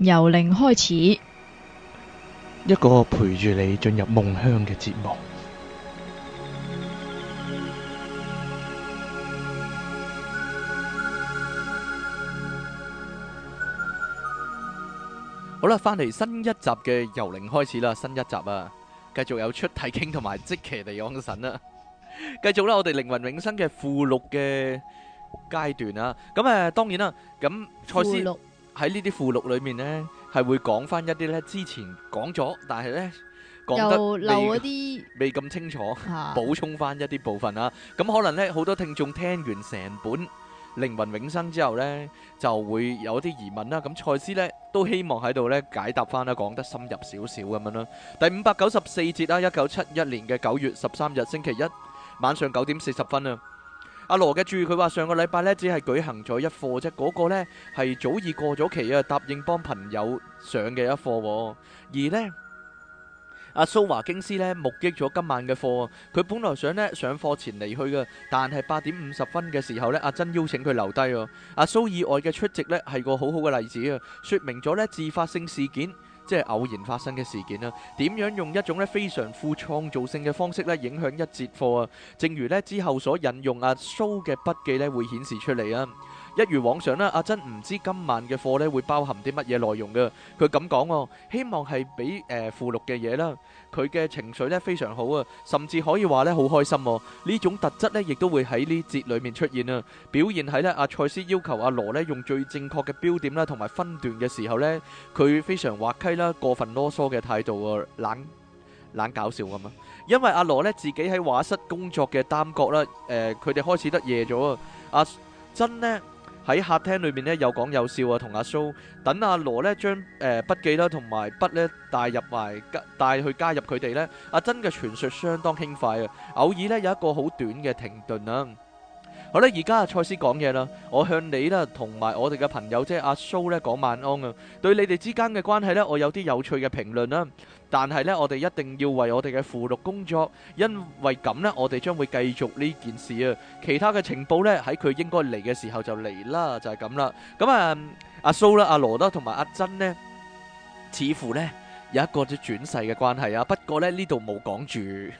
由零開始，一個陪住你進入夢鄉嘅節目。好啦，翻嚟新一集嘅由零開始啦，新一集啊，繼續有出體傾同埋即期地養神啦。繼續啦，我哋靈魂永生嘅附錄嘅階段啊，咁誒，當然啦，咁賽事。喺呢啲附錄裏面咧，係會講翻一啲咧之前講咗，但係咧講得漏啲未咁清楚，補充翻一啲部分啊。咁可能咧好多聽眾聽完成本《靈魂永生》之後咧，就會有一啲疑問啦。咁賽斯咧都希望喺度咧解答翻啦，講得深入少少咁樣啦。第五百九十四節啊，一九七一年嘅九月十三日星期一晚上九點四十分啊。阿羅嘅注意，佢話、啊、上個禮拜呢，只係舉行咗一課啫，嗰、那個呢，係早已過咗期啊，答應幫朋友上嘅一課。而呢，阿蘇華京斯呢，目擊咗今晚嘅課，佢本來想呢，上課前離去㗎，但係八點五十分嘅時候呢，阿、啊、珍邀請佢留低。阿蘇意外嘅出席呢，係個好好嘅例子啊，說明咗呢自發性事件。即係偶然發生嘅事件啦，點樣用一種咧非常富創造性嘅方式咧影響一節課啊？正如咧之後所引用阿蘇嘅筆記咧會顯示出嚟啊，一如往常啦。阿珍唔知今晚嘅課咧會包含啲乜嘢內容㗎？佢咁講喎，希望係俾誒附錄嘅嘢啦。呃佢嘅情緒咧非常好啊，甚至可以話咧好開心哦！呢種特質咧亦都會喺呢節裏面出現啊，表現喺咧阿賽斯要求阿羅咧用最正確嘅標點啦，同埋分段嘅時候咧，佢非常滑稽啦，過分囉嗦嘅態度啊，冷冷搞笑咁啊！因為阿羅咧自己喺畫室工作嘅耽擱啦，誒佢哋開始得夜咗啊，阿珍呢？喺客廳裏面咧，有講有笑啊，同阿蘇等阿羅咧，將、呃、誒筆記啦同埋筆咧帶入埋加帶去加入佢哋咧。阿珍嘅傳説相當輕快啊，偶爾咧有一個好短嘅停頓啊。好啦，而家啊，蔡司講嘢啦，我向你啦，同埋我哋嘅朋友即係阿蘇咧，講晚安啊。對你哋之間嘅關係咧，我有啲有趣嘅評論啦。但係咧，我哋一定要為我哋嘅附錄工作，因為咁咧，我哋將會繼續呢件事啊。其他嘅情報咧，喺佢應該嚟嘅時候就嚟啦，就係咁啦。咁啊，阿蘇啦，阿羅德同埋阿珍咧，似乎咧有一個啲轉世嘅關係啊。不過咧，呢度冇講住。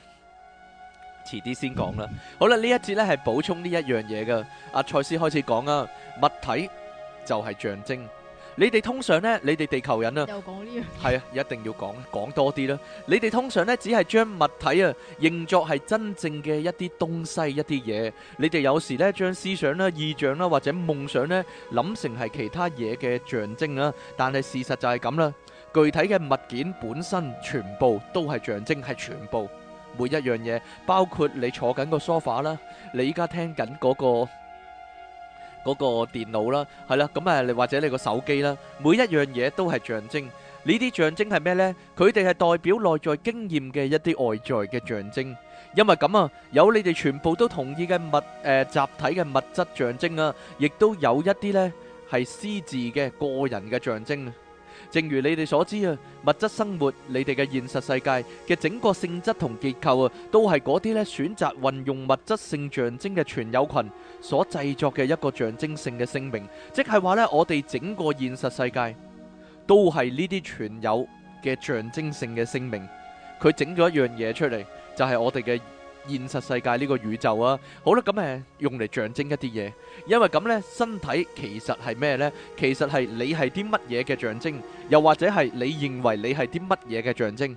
遲啲先講啦。好啦，呢一節咧係補充呢一樣嘢噶。阿賽斯開始講啊，物體就係象徵。你哋通常咧，你哋地球人啊，又講呢樣嘢，係啊，一定要講，講多啲啦。你哋通常咧，只係將物體啊認作係真正嘅一啲東西，一啲嘢。你哋有時咧，將思想啦、意象啦或者夢想咧，諗成係其他嘢嘅象徵啦。但係事實就係咁啦，具體嘅物件本身全部都係象徵，係全部。每一樣嘢，包括你坐緊個 sofa 啦，你依家聽緊嗰個嗰個電腦啦，係啦，咁啊，你或者你個手機啦，每一樣嘢都係象徵。呢啲象徵係咩呢？佢哋係代表內在經驗嘅一啲外在嘅象徵。因為咁啊，有你哋全部都同意嘅物誒集體嘅物質象徵啊，亦都有一啲呢係私字嘅個人嘅象徵啊。正如你哋所知啊，物質生活，你哋嘅現實世界嘅整個性質同結構啊，都係嗰啲呢選擇運用物質性象徵嘅存有群所製作嘅一個象徵性嘅聲明。即係話呢，我哋整個現實世界都係呢啲存有嘅象徵性嘅聲明。佢整咗一樣嘢出嚟，就係、是、我哋嘅。現實世界呢個宇宙啊，好啦，咁誒用嚟象徵一啲嘢，因為咁呢，身體其實係咩呢？其實係你係啲乜嘢嘅象徵，又或者係你認為你係啲乜嘢嘅象徵？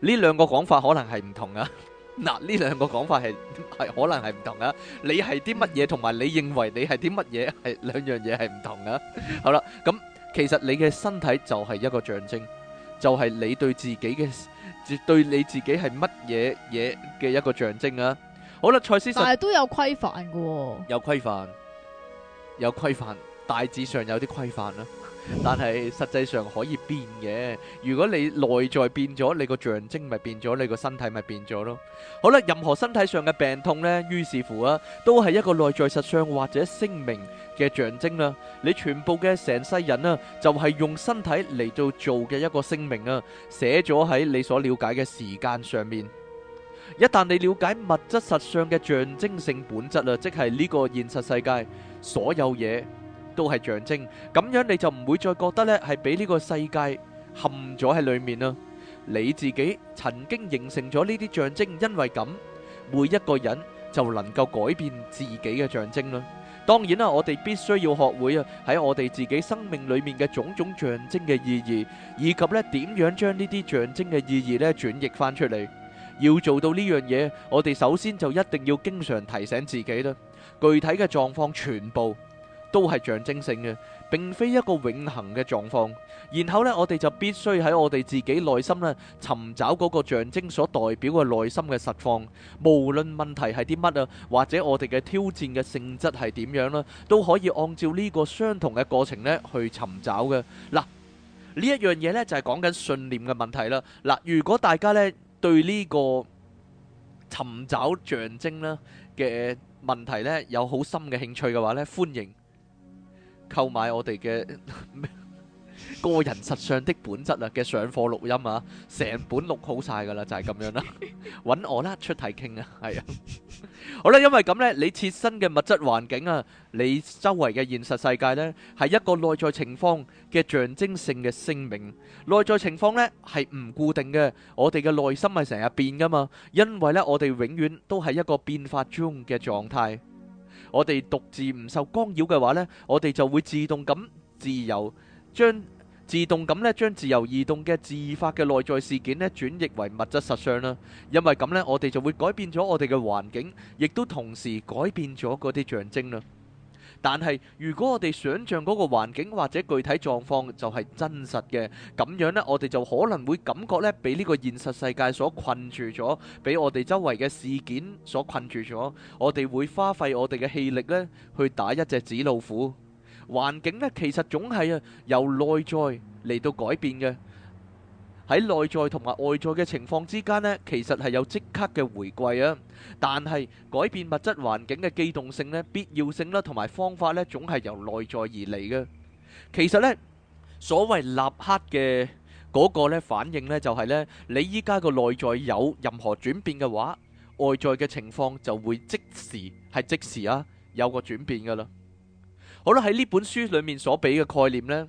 呢兩個講法可能係唔同啊。嗱，呢兩個講法係係可能係唔同啊。你係啲乜嘢，同埋你認為你係啲乜嘢係兩樣嘢係唔同啊。好啦，咁其實你嘅身體就係一個象徵，就係你對自己嘅。絕對你自己係乜嘢嘢嘅一個象徵啊！好啦，蔡思，但係都有規範嘅，有規範，有規範，大致上有啲規範啦，但係實際上可以變嘅。如果你內在變咗，你個象徵咪變咗，你個身體咪變咗咯。好啦，任何身體上嘅病痛呢，於是乎啊，都係一個內在實相或者聲明。嘅象徵啦，你全部嘅成世人啊，就係用身體嚟到做嘅一個聲明啊，寫咗喺你所了解嘅時間上面。一旦你了解物質實相嘅象徵性本質啦，即係呢個現實世界所有嘢都係象徵，咁樣你就唔會再覺得呢係俾呢個世界陷咗喺裏面啦。你自己曾經形成咗呢啲象徵，因為咁，每一個人就能夠改變自己嘅象徵啦。當然啦，我哋必須要學會啊，喺我哋自己生命裏面嘅種種象徵嘅意義，以及咧點樣將呢啲象徵嘅意義咧轉譯翻出嚟。要做到呢樣嘢，我哋首先就一定要經常提醒自己啦。具體嘅狀況全部都係象徵性嘅，並非一個永恒嘅狀況，然後呢，我哋就必須喺我哋自己內心呢尋找嗰個象徵所代表嘅內心嘅實況。無論問題係啲乜啊，或者我哋嘅挑戰嘅性質係點樣啦，都可以按照呢個相同嘅過程呢去尋找嘅。嗱，呢一樣嘢呢就係講緊信念嘅問題啦。嗱，如果大家呢對呢個尋找象徵啦嘅問題呢有好深嘅興趣嘅話呢，歡迎。購買我哋嘅個人實相的本質啊嘅上課錄音啊，成本錄好晒噶啦，就係咁樣啦。搵我啦，出題傾啊，係啊。好啦，因為咁咧，你切身嘅物質環境啊，你周圍嘅現實世界咧，係一個內在情況嘅象徵性嘅聲明。內在情況咧係唔固定嘅，我哋嘅內心係成日變噶嘛，因為咧我哋永遠都係一個變化中嘅狀態。我哋獨自唔受干擾嘅話呢，我哋就會自動咁自由，將自動咁咧將自由移動嘅自發嘅內在事件咧轉譯為物質實相啦。因為咁呢，我哋就會改變咗我哋嘅環境，亦都同時改變咗嗰啲象徵啦。但係，如果我哋想象嗰個環境或者具體狀況就係真實嘅，咁樣呢，我哋就可能會感覺呢，俾呢個現實世界所困住咗，俾我哋周圍嘅事件所困住咗，我哋會花費我哋嘅氣力呢，去打一隻紙老虎。環境呢，其實總係啊，由內在嚟到改變嘅。喺內在同埋外在嘅情況之間，呢其實係有即刻嘅回歸啊。但係改變物質環境嘅機動性咧、必要性啦，同埋方法呢，總係由內在而嚟嘅。其實呢，所謂立刻嘅嗰個咧反應呢，就係呢：你依家個內在有任何轉變嘅話，外在嘅情況就會即時、係即時啊，有個轉變噶啦。好啦，喺呢本書裏面所俾嘅概念呢。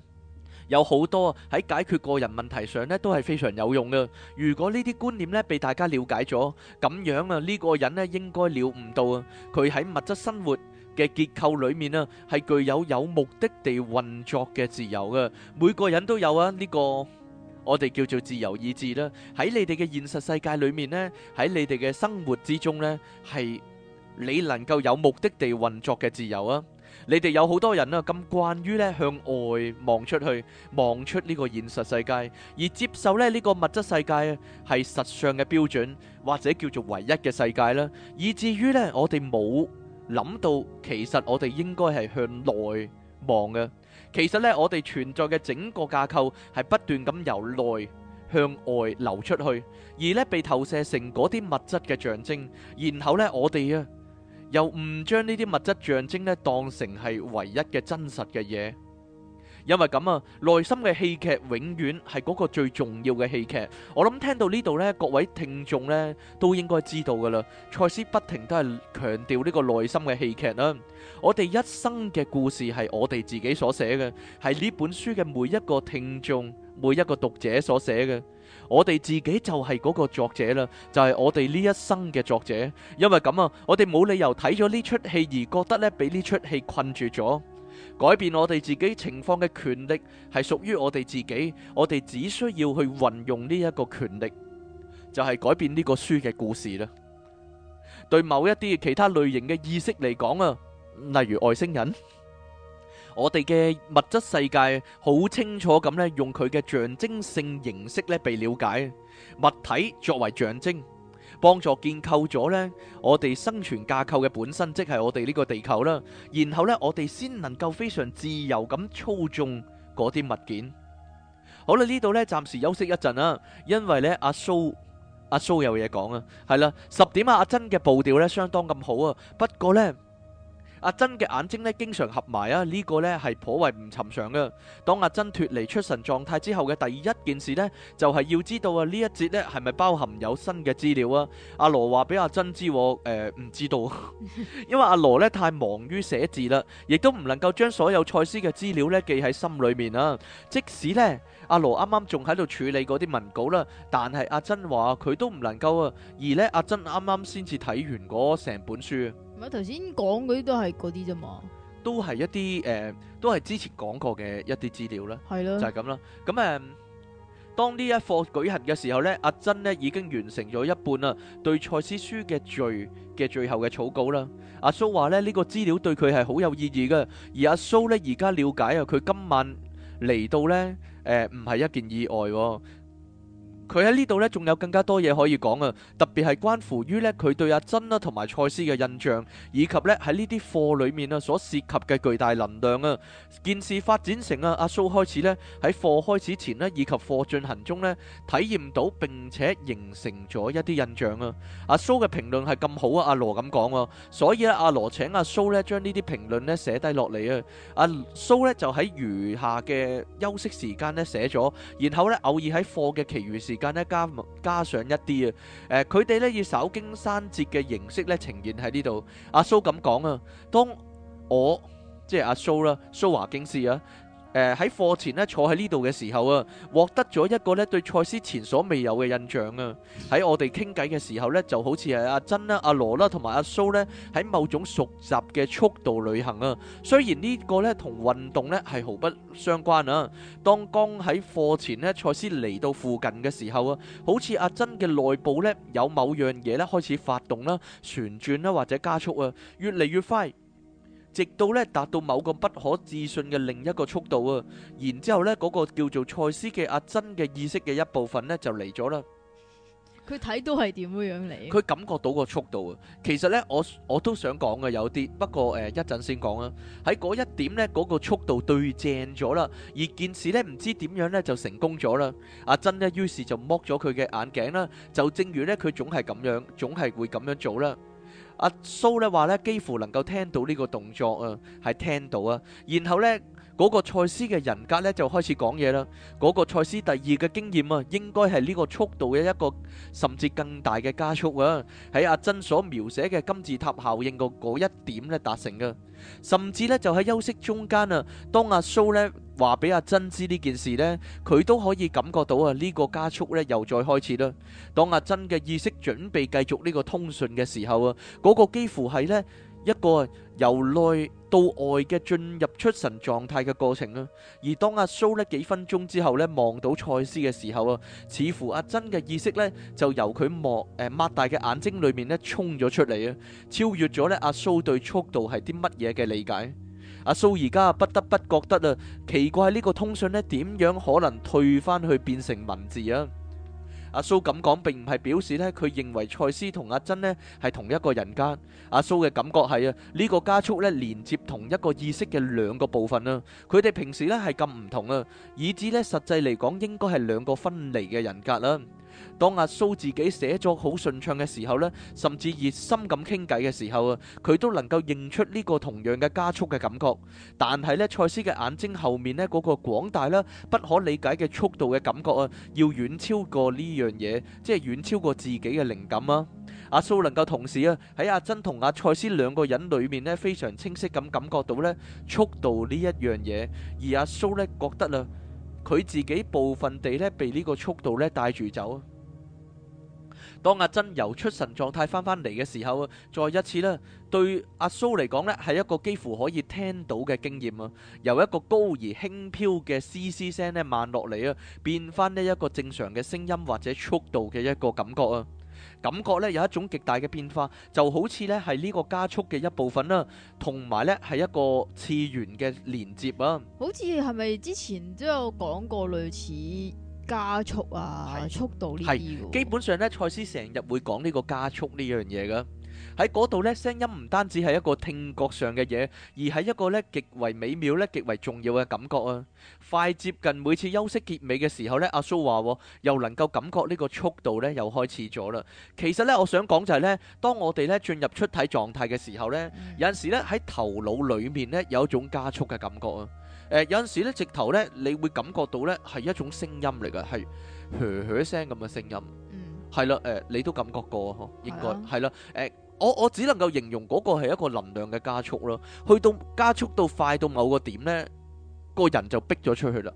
有好多喺解決個人問題上咧，都係非常有用噶。如果呢啲觀念咧被大家了解咗，咁樣啊呢個人咧應該了悟到啊，佢喺物質生活嘅結構裏面啊係具有有目的地運作嘅自由噶。每個人都有啊呢個我哋叫做自由意志啦。喺你哋嘅現實世界裏面咧，喺你哋嘅生活之中咧，係你能夠有目的地運作嘅自由啊。你哋有好多人啊，咁慣於咧向外望出去，望出呢個現實世界，而接受咧呢個物質世界啊，係實相嘅標準或者叫做唯一嘅世界啦。以至於呢，我哋冇諗到，其實我哋應該係向內望嘅。其實呢，我哋存在嘅整個架構係不斷咁由內向外流出去，而呢，被投射成嗰啲物質嘅象徵，然後呢，我哋啊～又唔將呢啲物質象徵呢當成係唯一嘅真實嘅嘢，因為咁啊，內心嘅戲劇永遠係嗰個最重要嘅戲劇。我諗聽到呢度呢，各位聽眾呢都應該知道噶啦，賽斯不停都係強調呢個內心嘅戲劇啦。我哋一生嘅故事係我哋自己所寫嘅，係呢本書嘅每一個聽眾、每一個讀者所寫嘅。我哋自己就係嗰個作者啦，就係我哋呢一生嘅作者。因為咁啊，我哋冇理由睇咗呢出戲而覺得呢，俾呢出戲困住咗。改變我哋自己情況嘅權力係屬於我哋自己，我哋只需要去運用呢一個權力，就係改變呢個書嘅故事啦。對某一啲其他類型嘅意識嚟講啊，例如外星人。我哋嘅物質世界好清楚咁呢，用佢嘅象徵性形式呢，被了解，物體作為象徵，幫助建構咗呢，我哋生存架構嘅本身，即係我哋呢個地球啦。然後呢，我哋先能夠非常自由咁操縱嗰啲物件。好啦，呢度呢，暫時休息一陣啦，因為呢，阿蘇阿蘇有嘢講啊，係啦十點啊，阿珍嘅步調呢，相當咁好啊，不過呢。阿珍嘅眼睛咧，經常合埋啊，呢、這個咧係頗為唔尋常嘅。當阿珍脫離出神狀態之後嘅第一件事呢就係、是、要知道啊，呢一節咧係咪包含有新嘅資料啊？阿羅話俾阿珍知，誒、呃，唔知道， 因為阿羅咧太忙於寫字啦，亦都唔能夠將所有賽斯嘅資料咧記喺心裏面啊。即使呢，阿羅啱啱仲喺度處理嗰啲文稿啦，但係阿珍話佢都唔能夠啊。而呢，阿珍啱啱先至睇完嗰成本書。我頭先講嗰啲都係嗰啲啫嘛，都係一啲誒，都係之前講過嘅一啲資料啦，係咯是的，就係咁啦。咁誒，當呢一課舉行嘅時候呢，阿珍咧已經完成咗一半啦，對賽斯書嘅序嘅最後嘅草稿啦。阿蘇話呢，呢個資料對佢係好有意義噶，而阿蘇呢，而家了解啊，佢今晚嚟到呢，誒唔係一件意外。佢喺呢度咧，仲有更加多嘢可以講啊！特別係關乎於咧佢對阿珍啦同埋賽斯嘅印象，以及咧喺呢啲課裏面啊所涉及嘅巨大能量啊！件事發展成啊，阿蘇開始咧喺課開始前咧，以及課進行中咧體驗到並且形成咗一啲印象啊！阿蘇嘅評論係咁好啊！阿羅咁講啊，所以咧阿羅請阿蘇咧將呢啲評論咧寫低落嚟啊！阿蘇咧就喺餘下嘅休息時間咧寫咗，然後咧偶爾喺課嘅其餘時。時間咧加加上一啲啊，誒佢哋咧以首經刪節嘅形式咧呈現喺呢度。阿蘇咁講啊，當我即係阿蘇啦，蘇華經師啊，誒喺課前咧坐喺呢度嘅時候啊，獲得咗一個咧對賽斯前所未有嘅印象啊！喺我哋傾偈嘅時候咧，就好似係阿珍啦、阿羅啦同埋阿蘇咧，喺某種熟習嘅速度旅行啊。雖然呢個咧同運動咧係毫不相關啊。當剛喺課前咧賽斯嚟到附近嘅時候啊，好似阿珍嘅內部咧有某樣嘢咧開始發動啦、旋轉啦或者加速啊，越嚟越快。直到咧達到某個不可置信嘅另一個速度啊，然之後咧嗰個叫做賽斯嘅阿珍嘅意識嘅一部分咧就嚟咗啦。佢睇到係點樣嚟？佢感覺到個速度啊。其實咧，我我都想講嘅有啲，不過誒一陣先講啦。喺嗰一點咧，嗰個速度對正咗啦，而件事咧唔知點樣咧就成功咗啦。阿珍咧於是就剝咗佢嘅眼鏡啦，就正如咧佢總係咁樣，總係會咁樣做啦。阿蘇咧話咧，幾乎能夠聽到呢個動作啊，係聽到啊，然後咧。嗰個賽斯嘅人格咧就開始講嘢啦。嗰個賽斯第二嘅經驗啊，應該係呢個速度嘅一個甚至更大嘅加速啊，喺阿珍所描寫嘅金字塔效應個嗰一點咧達成噶。甚至咧就喺休息中間啊，當阿蘇咧話俾阿珍知呢件事咧，佢都可以感覺到啊，呢個加速咧又再開始啦。當阿珍嘅意識準備繼續呢個通訊嘅時候啊，嗰個幾乎係咧。一個由內到外嘅進入出神狀態嘅過程啦。而當阿蘇呢幾分鐘之後呢，望到賽斯嘅時候啊，似乎阿珍嘅意識呢，就由佢望誒擘大嘅眼睛裏面呢衝咗出嚟啊，超越咗呢阿蘇對速度係啲乜嘢嘅理解。阿蘇而家不得不覺得啊奇怪，呢個通訊呢點樣可能退翻去變成文字啊？阿蘇咁講並唔係表示呢佢認為賽斯同阿珍呢係同一個人格。阿蘇嘅感覺係啊，呢、呢個加速呢連接同一個意識嘅兩個部分啦。佢哋平時呢係咁唔同啊，以致呢實際嚟講應該係兩個分離嘅人格啦。當阿蘇自己寫作好順暢嘅時候咧，甚至熱心咁傾偈嘅時候啊，佢都能夠認出呢個同樣嘅加速嘅感覺。但係呢，賽斯嘅眼睛後面呢，嗰個廣大啦，不可理解嘅速度嘅感覺啊，要遠超過呢樣嘢，即係遠超過自己嘅靈感啊。阿蘇能夠同時啊喺阿珍同阿賽斯兩個人裏面呢，非常清晰咁感覺到呢速度呢一樣嘢，而阿蘇呢，覺得啦。佢自己部分地咧，被呢個速度咧帶住走。當阿珍由出神狀態翻返嚟嘅時候，再一次咧，對阿蘇嚟講咧，係一個幾乎可以聽到嘅經驗啊！由一個高而輕飄嘅嘶嘶聲咧，慢落嚟啊，變翻呢一個正常嘅聲音或者速度嘅一個感覺啊！感覺咧有一種極大嘅變化，就好似咧係呢個加速嘅一部分啦，同埋咧係一個次元嘅連接啊。好似係咪之前都有講過類似加速啊、的速度呢啲？基本上咧，賽斯成日會講呢個加速呢樣嘢嘅。喺嗰度咧，聲音唔單止係一個聽覺上嘅嘢，而係一個咧極為美妙咧、極為重要嘅感覺啊！快接近每次休息結尾嘅時候咧，阿蘇話又能夠感覺呢個速度咧又開始咗啦。其實咧，我想講就係咧，當我哋咧進入出體狀態嘅時候咧，有陣時咧喺頭腦裡面咧有一種加速嘅感覺啊。誒有陣時咧，直頭咧你會感覺到咧係一種聲音嚟㗎，係噥噥聲咁嘅聲音。嗯，係啦，誒你都感覺過呵？應該係啦，誒。我我只能夠形容嗰個係一個能量嘅加速咯，去到加速到快到某個點咧，個人就逼咗出去啦。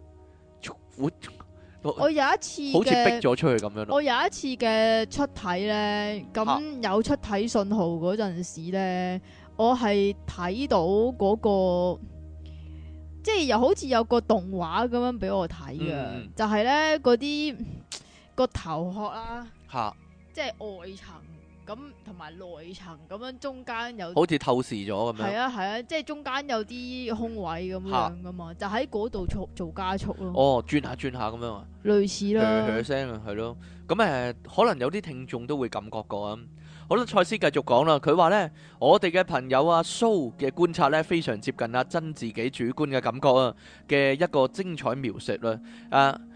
呃、我有一次好似逼咗出去咁樣咯。我有一次嘅出體咧，咁有出體信號嗰陣時咧，我係睇到嗰、嗰個即係又好似有個動畫咁樣俾我睇嘅，嗯、就係咧嗰啲個頭殼啦、啊，哈即係外層。咁同埋內層咁樣中間有好似透視咗咁樣，係啊係啊，即係中間有啲空位咁樣噶嘛，下就喺嗰度做做加速咯。哦，轉下轉下咁樣啊，類似啦。嘰嘰聲啊，係咯。咁誒、呃，可能有啲聽眾都會感覺過覺啊。好啦，賽斯繼續講啦。佢話咧，我哋嘅朋友阿蘇嘅觀察咧，非常接近阿、啊、珍自己主觀嘅感覺啊嘅一個精彩描述啦啊。嗯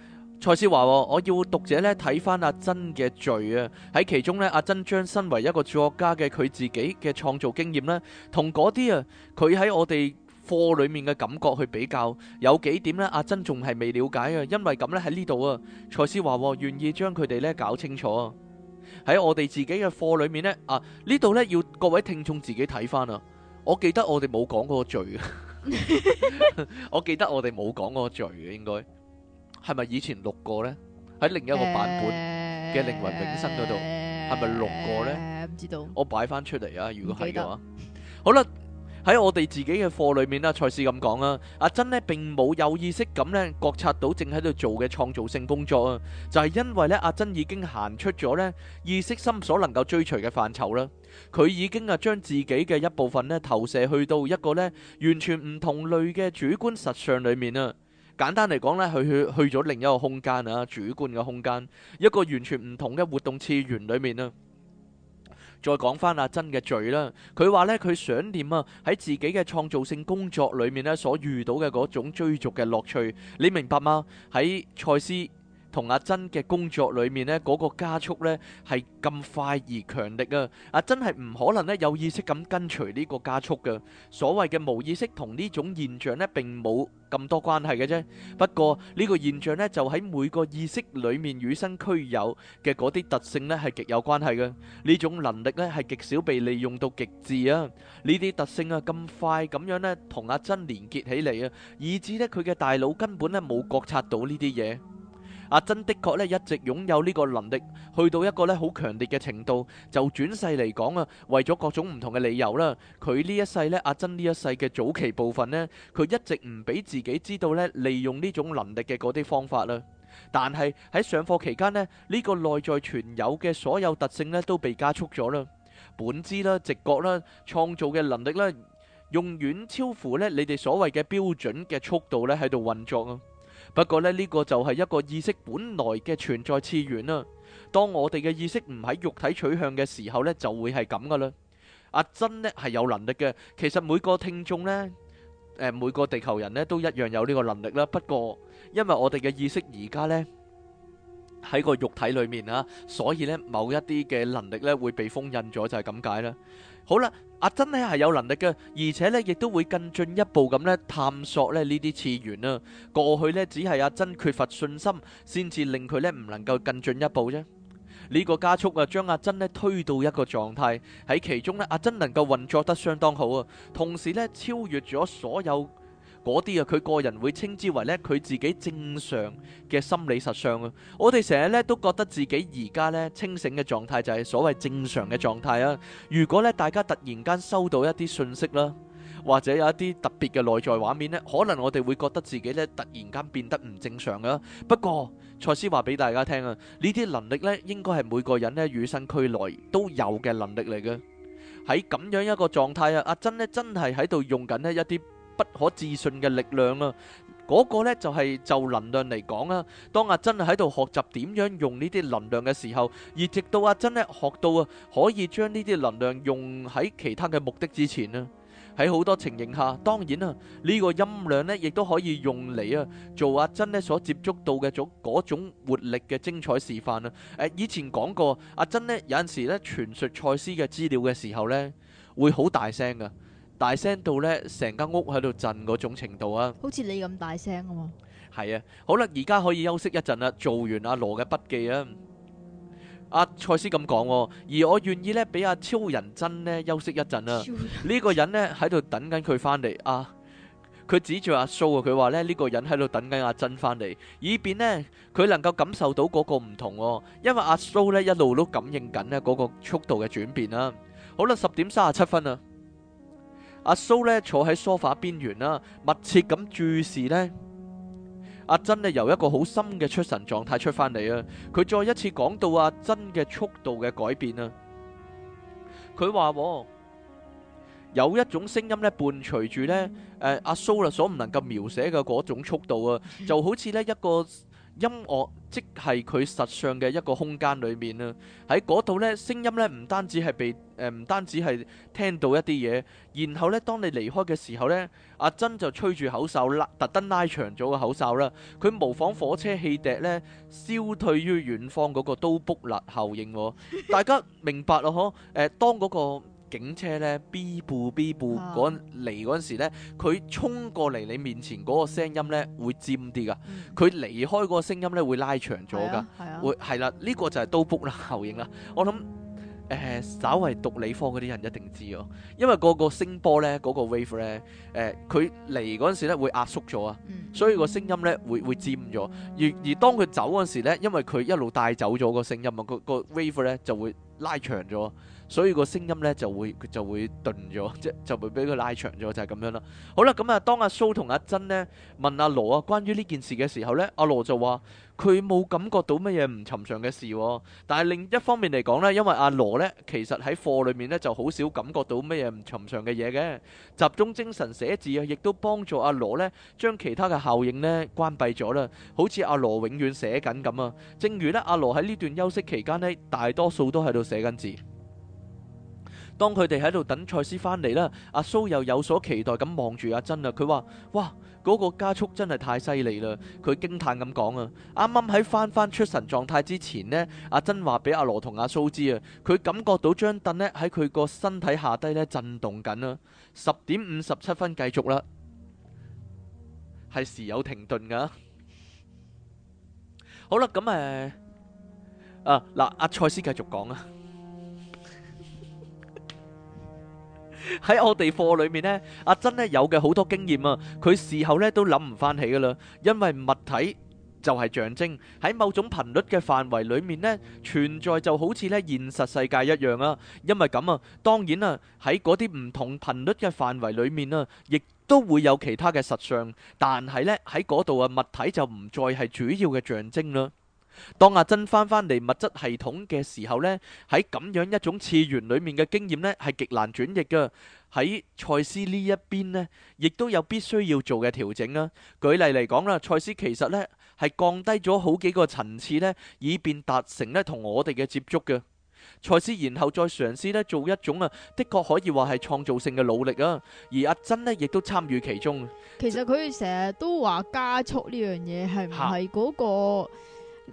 蔡思華：我要讀者咧睇翻阿珍嘅罪啊！喺其中咧，阿珍將身為一個作家嘅佢自己嘅創造經驗咧，同嗰啲啊，佢喺我哋課裏面嘅感覺去比較，有幾點咧？阿珍仲係未了解啊！因為咁咧喺呢度啊，蔡思華願意將佢哋咧搞清楚啊！喺我哋自己嘅課裏面呢，啊呢度咧要各位聽眾自己睇翻啊！我記得我哋冇講嗰個罪，啊， 我記得我哋冇講嗰個罪啊，應該。係咪以前錄過呢？喺另一個版本嘅靈魂永生嗰度，係咪、欸、錄過呢？唔知道。我擺翻出嚟啊！如果係嘅話，好啦，喺我哋自己嘅課裏面啦，賽斯咁講啊：「阿珍呢，並冇有意識咁呢，覺察到正喺度做嘅創造性工作啊，就係、是、因為呢，阿珍已經行出咗呢意識心所能夠追隨嘅範疇啦，佢已經啊將自己嘅一部分呢投射去到一個呢完全唔同類嘅主觀實相裏面啊。簡單嚟講咧，去去去咗另一個空間啊，主觀嘅空間，一個完全唔同嘅活動次元裏面啦。再講返啊真嘅罪啦，佢話咧佢想念啊？喺自己嘅創造性工作裏面咧，所遇到嘅嗰種追逐嘅樂趣，你明白嗎？喺賽斯。同阿珍嘅工作裏面咧，嗰個加速咧係咁快而強力啊！阿珍係唔可能咧有意識咁跟隨呢個加速嘅。所謂嘅無意識同呢種現象咧，並冇咁多關係嘅啫。不過呢個現象咧，就喺每個意識裏面與生俱有嘅嗰啲特性咧，係極有關係嘅。呢種能力咧，係極少被利用到極致啊！呢啲特性啊咁快咁樣咧，同阿珍連結起嚟，啊，以至咧佢嘅大腦根本咧冇覺察到呢啲嘢。阿珍的確咧，一直擁有呢個能力，去到一個咧好強烈嘅程度。就轉世嚟講啊，為咗各種唔同嘅理由啦，佢呢一世咧，阿珍呢一世嘅早期部分咧，佢一直唔俾自己知道咧，利用呢種能力嘅嗰啲方法啦。但係喺上課期間咧，呢個內在存有嘅所有特性咧，都被加速咗啦，本知啦、直覺啦、創造嘅能力咧，永遠超乎咧你哋所謂嘅標準嘅速度咧喺度運作啊！不過呢，呢個就係一個意識本來嘅存在次元啦。當我哋嘅意識唔喺肉體取向嘅時候呢，就會係咁噶啦。阿珍呢係有能力嘅，其實每個聽眾呢，誒每個地球人呢都一樣有呢個能力啦。不過因為我哋嘅意識而家呢。喺個肉體裏面啦，所以呢某一啲嘅能力呢會被封印咗，就係咁解啦。好啦，阿珍呢係有能力嘅，而且呢亦都會更進一步咁呢探索呢呢啲次元啊。過去呢只係阿珍缺乏信心，先至令佢呢唔能夠更進一步啫。呢個加速啊，將阿珍呢推到一個狀態，喺其中呢，阿珍能夠運作得相當好啊，同時呢超越咗所有。嗰啲啊，佢個人會稱之為咧，佢自己正常嘅心理實相啊！我哋成日咧都覺得自己而家咧清醒嘅狀態就係所謂正常嘅狀態啊！如果咧大家突然間收到一啲訊息啦，或者有一啲特別嘅內在畫面咧，可能我哋會覺得自己咧突然間變得唔正常啊！不過，賽斯話俾大家聽啊，呢啲能力咧應該係每個人咧與生俱來都有嘅能力嚟嘅。喺咁樣一個狀態啊，阿珍咧真係喺度用緊咧一啲，不可置信嘅力量啊！嗰個呢就係就能量嚟講啊。當阿珍喺度學習點樣用呢啲能量嘅時候，而直到阿珍咧學到啊，可以將呢啲能量用喺其他嘅目的之前啦。喺好多情形下，當然啊，呢個音量呢亦都可以用嚟啊，做阿珍咧所接觸到嘅種種活力嘅精彩示範啊！以前講過，阿珍呢有陣時咧傳述賽斯嘅資料嘅時候呢，會好大聲噶。大聲到呢，成間屋喺度震嗰種程度啊！好似你咁大聲啊！係啊，好啦，而家可以休息一陣啦。做完阿、啊、羅嘅筆記啊，阿賽斯咁講，而我願意呢，俾阿、啊、超人真呢休息一陣啊。呢 個人呢，喺度等緊佢返嚟啊！佢指住阿蘇啊蘇，佢話呢，呢、呢個人喺度等緊阿、啊、真返嚟，以便呢，佢能夠感受到嗰個唔同哦。因為阿、啊、蘇呢，一路都感應緊呢嗰個速度嘅轉變啊。好啦，十點三十七分啊！阿蘇呢，坐喺梳化 f a 邊緣啦，密切咁注視呢，阿珍呢由一個好深嘅出神狀態出翻嚟啊！佢再一次講到阿珍嘅速度嘅改變啊！佢話喎，有一種聲音呢，伴隨住呢誒、呃、阿蘇啦所唔能夠描寫嘅嗰種速度啊，就好似呢一個。音樂即係佢實相嘅一個空間裏面啦，喺嗰度呢，聲音呢唔單止係被誒，唔，呃，唔單止係聽到一啲嘢，然後呢，當你離開嘅時候呢，阿珍就吹住口哨，拉特登拉長咗個口哨啦，佢模仿火車汽笛呢，消退於遠方嗰個都卜勒效應我，大家明白咯，嗬？誒，當嗰、嗰個警車咧，B 步 B 步嗰陣嚟嗰陣時咧，佢衝過嚟你面前嗰個聲音咧會尖啲噶，佢、嗯、離開嗰個聲音咧會拉長咗噶，嗯、會係啦，呢、這個就係都卜勒效應啦。我諗誒、呃，稍微讀理科嗰啲人一定知哦，因為個個聲波咧，嗰、那個 wave 咧，誒、呃，佢嚟嗰陣時咧會壓縮咗啊，嗯、所以個聲音咧會會尖咗。而而當佢走嗰陣時咧，因為佢一路帶走咗個聲音啊，那個、那個 wave 咧就會拉長咗。所以個聲音咧就會就會頓咗，即係就會俾佢拉長咗，就係咁樣啦。好啦，咁啊，當阿蘇同阿珍咧問阿羅啊關於呢件事嘅時候咧，阿羅就話佢冇感覺到乜嘢唔尋常嘅事，但係另一方面嚟講咧，因為阿羅咧其實喺課裏面咧就好少感覺到乜嘢唔尋常嘅嘢嘅。集中精神寫字啊，亦都幫助阿羅咧將其他嘅效應咧關閉咗啦，好似阿羅永遠寫緊咁啊。正如咧阿羅喺呢段休息期間咧大多數都喺度寫緊字。當佢哋喺度等賽斯返嚟啦，阿蘇又有所期待咁望住阿珍。啊，佢話：哇，嗰、嗰個加速真係太犀利啦！佢驚嘆咁講啊。啱啱喺翻翻出神狀態之前呢，阿珍話俾阿羅同阿蘇知啊，佢感覺到張凳咧喺佢個身體下低咧震動緊啦。十點五十七分繼續啦，係時有停頓噶。好啦，咁誒，啊嗱，阿賽斯繼續講啊。啊喺我哋課裏面呢，阿珍呢有嘅好多經驗啊，佢事後呢都諗唔翻起噶啦，因為物體就係象徵喺某種頻率嘅範圍裏面呢，存在就好似呢現實世界一樣啊，因為咁啊，當然啊喺嗰啲唔同頻率嘅範圍裏面啊，亦都會有其他嘅實相，但係呢，喺嗰度啊，物體就唔再係主要嘅象徵啦。當阿珍返返嚟物質系統嘅時候呢，喺咁樣一種次元裏面嘅經驗呢，係極難轉譯嘅。喺賽斯呢一邊呢，亦都有必須要做嘅調整啊。舉例嚟講啦，賽斯其實呢係降低咗好幾個層次呢，以便達成呢同我哋嘅接觸嘅。賽斯然後再嘗試呢做一種啊，的確可以話係創造性嘅努力啊。而阿珍呢，亦都參與其中。其實佢成日都話加速呢樣嘢係唔係嗰個？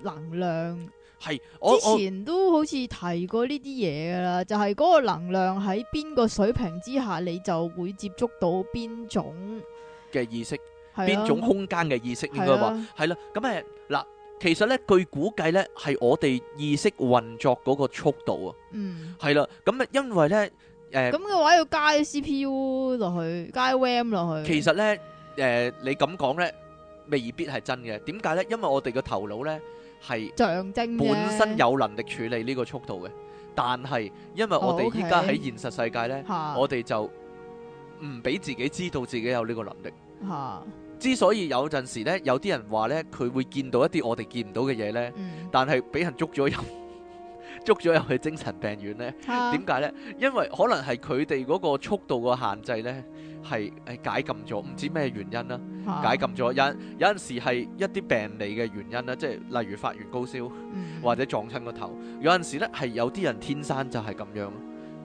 能量係，我之前都好似提過呢啲嘢噶啦，就係嗰個能量喺邊個水平之下，你就會接觸到邊種嘅意識，邊種空間嘅意識應該話係啦。咁誒嗱，其實咧據估計咧，係我哋意識運作嗰個速度啊，嗯，係啦。咁誒，因為咧，誒咁嘅話要加 CPU 落去，加 RAM 落去。其實咧，誒，你咁講咧，未必係真嘅。點解咧？因為我哋嘅頭腦咧。係象徵本身有能力處理呢個速度嘅，但係因為我哋依家喺現實世界呢，啊、我哋就唔俾自己知道自己有呢個能力。啊、之所以有陣時呢，有啲人話呢，佢會見到一啲我哋見唔到嘅嘢呢，嗯、但係俾人捉咗入捉 咗入去精神病院呢，點解、啊、呢？因為可能係佢哋嗰個速度個限制呢。係誒解禁咗，唔知咩原因啦。啊、解禁咗有有陣時係一啲病理嘅原因啦，即係例如發完高燒，嗯、或者撞親個頭。有陣時咧係有啲人天生就係咁樣，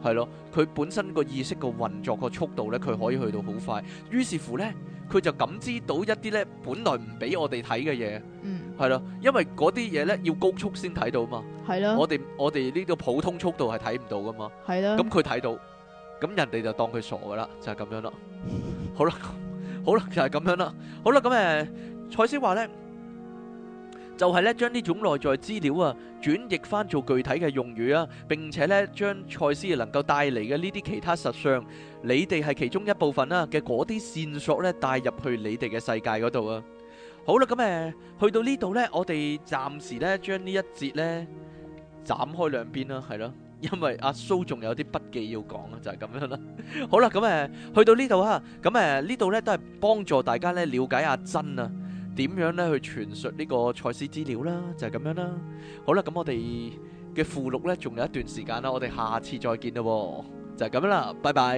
係咯。佢本身個意識個運作個速度咧，佢可以去到好快。嗯、於是乎咧，佢就感知到一啲咧本來唔俾我哋睇嘅嘢，係咯、嗯。因為嗰啲嘢咧要高速先睇到嘛。係咯的。我哋我哋呢個普通速度係睇唔到噶嘛。係啦的。咁佢睇到。咁人哋就當佢傻噶啦，就係咁樣啦。好啦，好啦，就係咁樣啦。好啦，咁誒，賽斯話咧，就係咧將呢種內在資料啊，轉譯翻做具體嘅用語啊，並且咧將賽斯能夠帶嚟嘅呢啲其他實相，你哋係其中一部分啦嘅嗰啲線索咧，帶入去你哋嘅世界嗰度啊。好啦，咁誒，去到呢度咧，我哋暫時咧將呢一節咧斬開兩邊啦，係咯。因為阿蘇仲有啲筆記要講啊，就係咁樣啦。 好啦，咁誒，去到呢度啊，咁誒，呢度咧都係幫助大家咧了解阿珍啊，點樣咧去傳述呢個賽斯資料啦，就係咁樣啦。好啦，咁我哋嘅附錄咧仲有一段時間啦，我哋下次再見咯，就係咁樣啦，拜拜。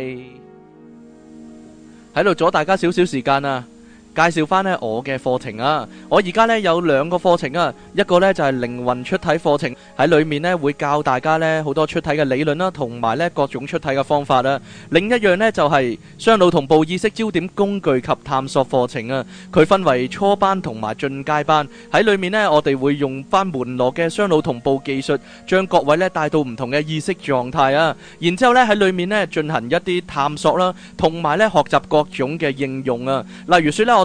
喺度阻大家少少時間啊，介紹翻呢我嘅課程啊！我而家呢有兩個課程啊，一個呢就係靈魂出體課程，喺裏面呢會教大家呢好多出體嘅理論啦，同埋呢各種出體嘅方法啦。另一樣呢就係雙腦同步意識焦點工具及探索課程啊。佢分為初班同埋進階班，喺裏面呢我哋會用翻門羅嘅雙腦同步技術，將各位呢帶到唔同嘅意識狀態啊。然之後呢喺裏面呢進行一啲探索啦，同埋呢學習各種嘅應用啊。例如説呢我。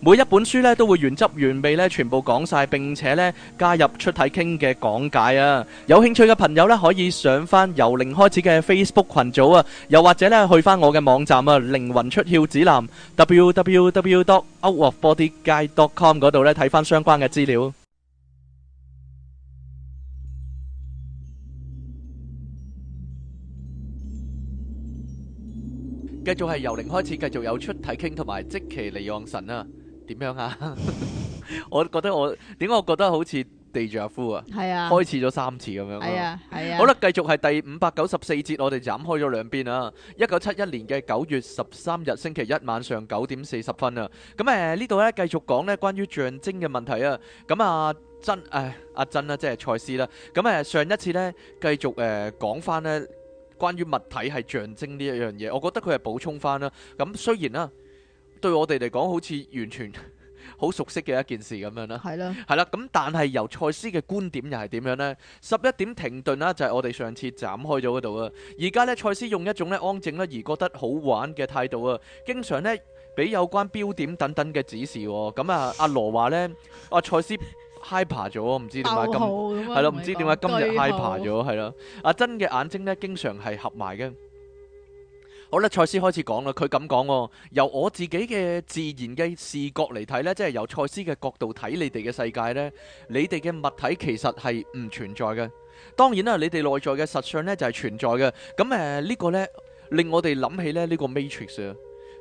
每一本書咧都會原汁原味咧全部講晒，並且咧加入出體傾嘅講解啊！有興趣嘅朋友咧可以上翻由零開始嘅 Facebook 群組啊，又或者咧去翻我嘅網站啊靈魂出竅指南 www.outofbodyguide.com 嗰度咧睇翻相關嘅資料。繼續係由零開始，繼續有出體傾同埋即期利用神啊！點樣啊？ 我覺得我點解我覺得好似地藏夫啊？係啊，開始咗三次咁樣。係啊，係啊。好啦，繼續係第五百九十四節，我哋斬開咗兩邊啊。一九七一年嘅九月十三日星期一晚上九點四十分啊。咁誒、呃、呢度咧繼續講咧關於象徵嘅問題啊。咁啊，真誒阿珍啊，即係賽斯啦。咁誒上一次咧繼續誒講翻咧關於物體係象徵呢一樣嘢。我覺得佢係補充翻啦。咁雖然啦、啊。對我哋嚟講，好似完全好 熟悉嘅一件事咁樣啦。係啦的，係啦。咁但係由賽斯嘅觀點又係點樣呢？十一點停頓啦，就係我哋上次斬開咗嗰度啊。而家呢，賽斯用一種呢安靜啦而覺得好玩嘅態度啊，經常呢俾有關標點等等嘅指示，哦。咁啊，阿羅話呢，阿賽斯 hyper 咗，唔知點解咁係咯，唔知點解今日 hyper 咗係咯。阿珍嘅眼睛呢，經常係合埋嘅。好啦，賽斯開始講啦。佢咁講，由我自己嘅自然嘅視覺嚟睇呢，即係由賽斯嘅角度睇你哋嘅世界呢。你哋嘅物體其實係唔存在嘅。當然啦，你哋內在嘅實相呢就係、是、存在嘅。咁誒呢個呢，令我哋諗起呢呢、這個 Matrix 啊，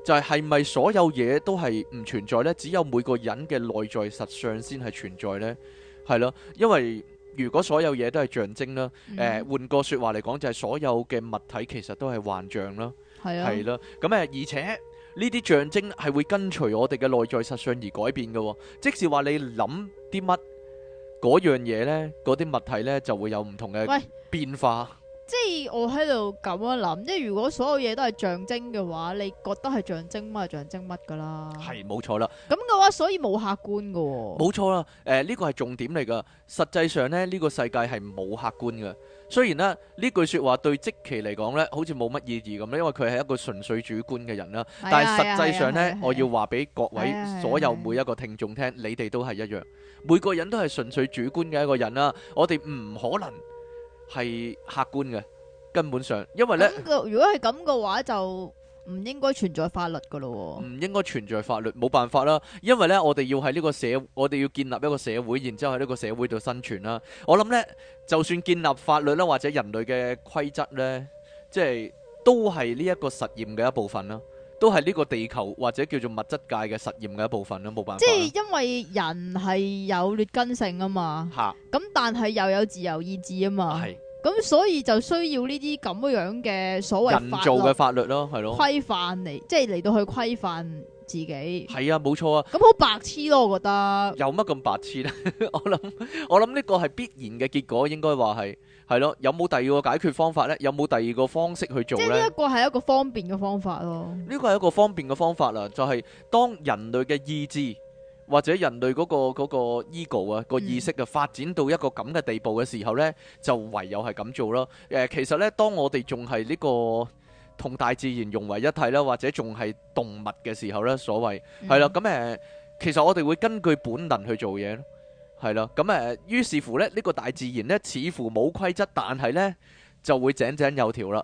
就係係咪所有嘢都係唔存在呢？只有每個人嘅內在實相先係存在呢？係咯，因為如果所有嘢都係象徵啦，誒換、嗯呃、個説話嚟講就係、是、所有嘅物體其實都係幻象啦。係咯，咁誒是、啊，而且呢啲象徵係會跟隨我哋嘅內在實相而改變嘅喎、哦，即使話你諗啲乜，嗰樣嘢呢，嗰啲物體呢就會有唔同嘅變化。即係我喺度咁樣諗，即係如果所有嘢都係象徵嘅話，你覺得係象徵乜就象徵乜噶啦。係冇錯啦，咁嘅話，所以冇客觀嘅、哦。冇錯啦，誒、呃、呢、這個係重點嚟㗎。實際上呢，呢、這個世界係冇客觀嘅。雖然咧呢句説話對積奇嚟講呢，好似冇乜意義咁，因為佢係一個純粹主觀嘅人啦。但係實際上呢，我要話俾各位所有每一個聽眾聽，你哋都係一樣，每個人都係純粹主觀嘅一個人啦。我哋唔可能係客觀嘅，根本上，因為呢，如果係咁嘅話就。唔應該存在法律噶咯，哦，唔應該存在法律，冇辦法啦。因為呢，我哋要喺呢個社，我哋要建立一個社會，然之後喺呢個社會度生存啦。我諗呢，就算建立法律啦，或者人類嘅規則呢，即係都係呢一個實驗嘅一部分啦，都係呢個地球或者叫做物質界嘅實驗嘅一部分啦，冇辦法。即係因為人係有劣根性啊嘛，嚇咁下，但係又有自由意志啊嘛。咁、嗯、所以就需要呢啲咁樣嘅所謂人造嘅法律咯，係咯，規範嚟，即係嚟到去規範自己係啊，冇錯啊。咁好白痴咯，我覺得有乜咁白痴咧？ 我諗我諗呢個係必然嘅結果，應該話係係咯。有冇第二個解決方法呢？有冇第二個方式去做呢？呢一個係一個方便嘅方法咯。呢個係一個方便嘅方法啦，就係、是、當人類嘅意志。或者人類嗰、嗰個嗰個 ego 啊、嗰個意識嘅、啊、發展到一個咁嘅地步嘅時候呢，就唯有係咁做咯。誒、呃，其實呢，當我哋仲係呢個同大自然融為一體啦，或者仲係動物嘅時候呢，所謂係、嗯、啦。咁、嗯、誒，其實我哋會根據本能去做嘢咯，係啦。咁誒、嗯，於是乎呢，呢、呢個大自然呢，似乎冇規則，但係呢，就會井井有條啦。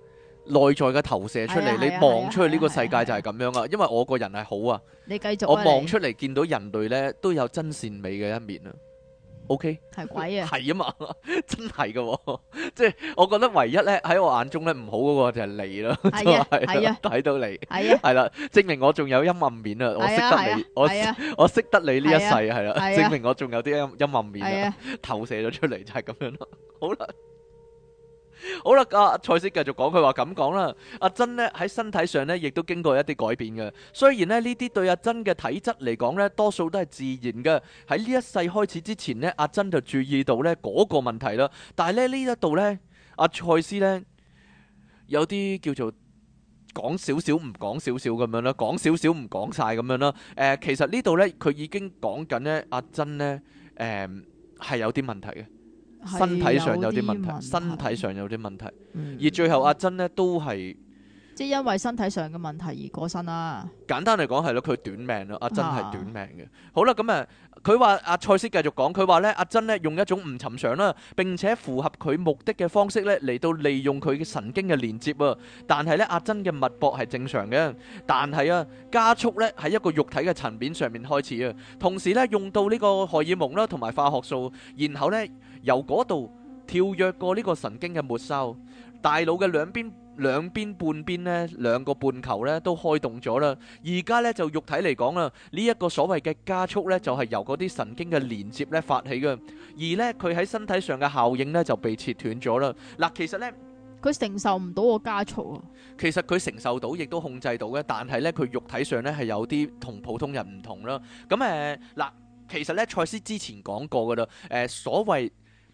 內在嘅投射出嚟，你望出去呢個世界就係咁樣啊！因為我個人係好啊，你繼續。我望出嚟見到人類咧都有真善美嘅一面啊。OK，係鬼啊，係啊嘛，真係嘅，即係我覺得唯一咧喺我眼中咧唔好嗰個就係你啦，係啊，睇到你係啊，係啦，證明我仲有陰暗面啊，我識得你，我我識得你呢一世係啦，證明我仲有啲陰陰暗面啊，投射咗出嚟就係咁樣咯。好啦。好啦，阿、啊、蔡司繼續講，佢話咁講啦。阿、啊、珍呢喺身體上呢亦都經過一啲改變嘅。雖然咧呢啲對阿、啊、珍嘅體質嚟講呢，多數都係自然嘅。喺呢一世開始之前呢，阿、啊、珍就注意到呢嗰、那個問題啦。但係咧呢一度呢，阿、啊、蔡司呢有啲叫做講少少，唔講少少咁樣啦，講少少唔講晒咁樣啦。誒、呃，其實呢度呢，佢已經講緊呢，阿、啊、珍呢誒係、呃、有啲問題嘅。身體上有啲問題，問題，身體上有啲問題，嗯，而最後阿珍呢都係。啲因為身體上嘅問題而過身啦、啊。簡單嚟講係咯，佢短命咯，阿珍係短命嘅。好啦，咁啊，佢話阿賽斯繼續講，佢話咧阿珍呢用一種唔尋常啦，並且符合佢目的嘅方式咧嚟到利用佢嘅神經嘅連接啊。但係咧，阿、啊、珍嘅脈搏係正常嘅，但係啊，加速咧喺一個肉體嘅層面上面開始啊。同時咧，用到呢個荷爾蒙啦，同埋化學素，然後咧由嗰度跳躍過呢個神經嘅末梢，大腦嘅兩邊。兩邊半邊呢，兩個半球呢都開動咗啦。而家呢，就肉體嚟講啦，呢、這、一個所謂嘅加速呢，就係、是、由嗰啲神經嘅連接呢發起㗎。而呢，佢喺身體上嘅效應呢，就被切斷咗啦。嗱，其實呢，佢承受唔到個加速啊。其實佢承受到，亦都控制到嘅。但係呢，佢肉體上呢，係有啲同普通人唔同啦。咁、嗯、誒，嗱、呃，其實呢，賽斯之前講過㗎啦，誒、呃、所謂。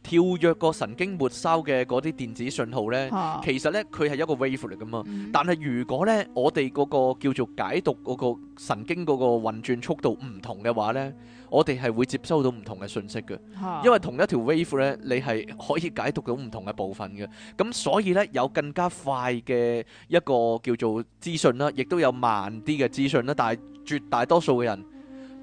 跳躍過神經末梢嘅嗰啲電子信號咧，其實咧佢係一個 wave 嚟噶嘛。但係如果咧我哋嗰個叫做解讀嗰個神經嗰個運轉速度唔同嘅話咧，我哋係會接收到唔同嘅信息嘅。因為同一條 wave 咧，你係可以解讀到唔同嘅部分嘅。咁所以咧有更加快嘅一個叫做資訊啦，亦都有慢啲嘅資訊啦。但係絕大多數嘅人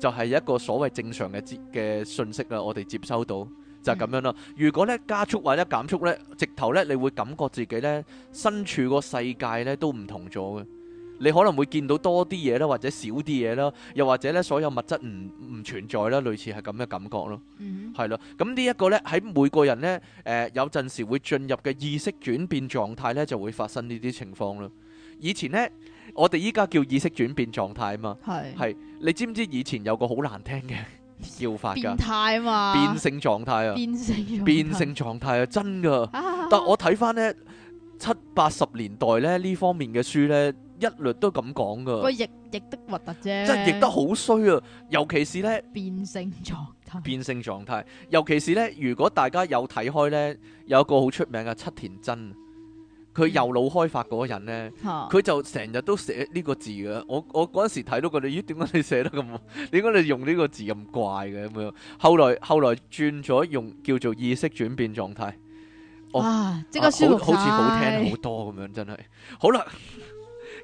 就係一個所謂正常嘅接嘅信息啦，我哋接收到。就咁樣咯。如果咧加速或者減速咧，直頭咧，你會感覺自己咧，身處個世界咧都唔同咗嘅。你可能會見到多啲嘢啦，或者少啲嘢啦，又或者咧所有物質唔唔存在啦，類似係咁嘅感覺咯。嗯、mm，係、hmm. 咯。咁呢一個咧喺每個人咧，誒、呃、有陣時會進入嘅意識轉變狀態咧，就會發生呢啲情況咯。以前咧，我哋依家叫意識轉變狀態啊嘛。係、mm。係、hmm.。你知唔知以前有個好難聽嘅？ 叫變態啊嘛，變性狀態啊，變性、啊，變性狀態啊，真噶、啊。但我睇翻，呢 七八十年代咧呢方面嘅書呢，一律都咁講噶。個譯 譯得核突啫，即係譯得好衰啊！尤其是呢，變性狀態，變性狀態，尤其是呢，如果大家有睇開呢，有一個好出名嘅七田真。佢右腦開發嗰個人呢，佢就成日都寫呢個字嘅。我我嗰時睇到佢，你咦？點解你寫得咁？點解你用呢個字咁怪嘅咁樣？後來後來轉咗用叫做意識轉變狀態。哇、啊！即、啊、刻舒服好似好，好聽好多咁樣，真係。好啦，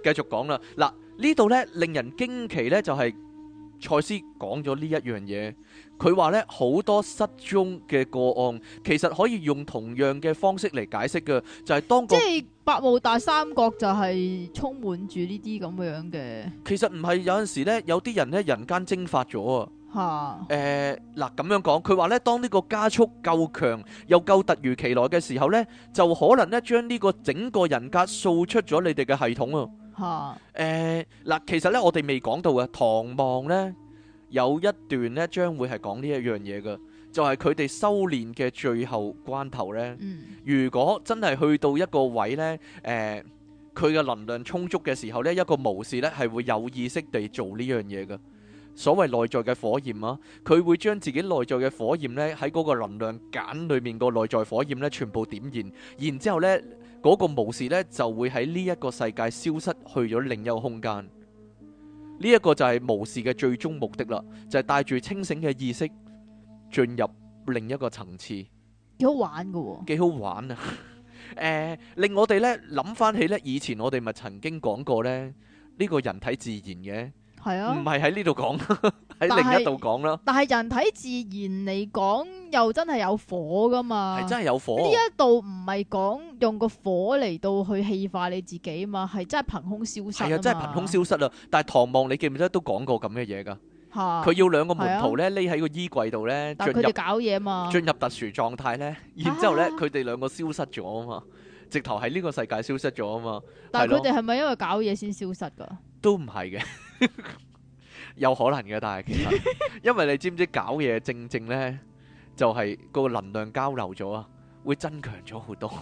繼 續講啦。嗱，呢度呢，令人驚奇呢，就係、是、蔡司講咗呢一樣嘢。佢話咧好多失蹤嘅個案，其實可以用同樣嘅方式嚟解釋嘅，就係、是、當個即係百慕大三角就係充滿住呢啲咁樣嘅。其實唔係有陣時咧，有啲人咧人間蒸發咗啊。嚇哈！誒嗱咁樣講，佢話咧，當呢個加速夠強又夠突如其來嘅時候咧，就可能咧將呢個整個人格掃出咗你哋嘅系統啊。嚇哈！誒嗱、呃，其實咧我哋未講到嘅唐望咧。有一段咧，將會係講呢一樣嘢嘅，就係佢哋修煉嘅最後關頭咧。如果真係去到一個位咧，誒，佢嘅能量充足嘅時候咧，一個巫師咧係會有意識地做呢樣嘢嘅。所謂內在嘅火焰啊，佢會將自己內在嘅火焰咧喺嗰個能量繭裏面個內在火焰咧全部點燃，然之後咧嗰個巫師咧就會喺呢一個世界消失去咗另一個空間。呢一個就係無視嘅最終目的啦，就係帶住清醒嘅意識進入另一個層次，幾好玩嘅喎、哦，幾好玩啊！誒、 呃，令我哋咧諗翻起咧，以前我哋咪曾經講過咧，呢、這個人體自然嘅。係啊，唔係喺呢度講，喺 另一度講啦。但係人體自然嚟講，又真係有火噶嘛？係真係有火、哦。呢一度唔係講用個火嚟到去氣化你自己嘛？係真係憑空消失。係啊，真係憑空消失啊。但係唐望，你記唔記得都講過咁嘅嘢噶？佢、啊、要兩個門徒咧，匿喺、啊、個衣櫃度咧，佢哋搞嘢嘛？進入，進入特殊狀態咧，然之後咧，佢哋兩個消失咗啊嘛，直頭喺呢個世界消失咗啊嘛。但係佢哋係咪因為搞嘢先消失噶？都唔係嘅。有可能嘅，但係其實，因為你知唔知搞嘢正正咧，就係嗰個能量交流咗啊，會增強咗好多。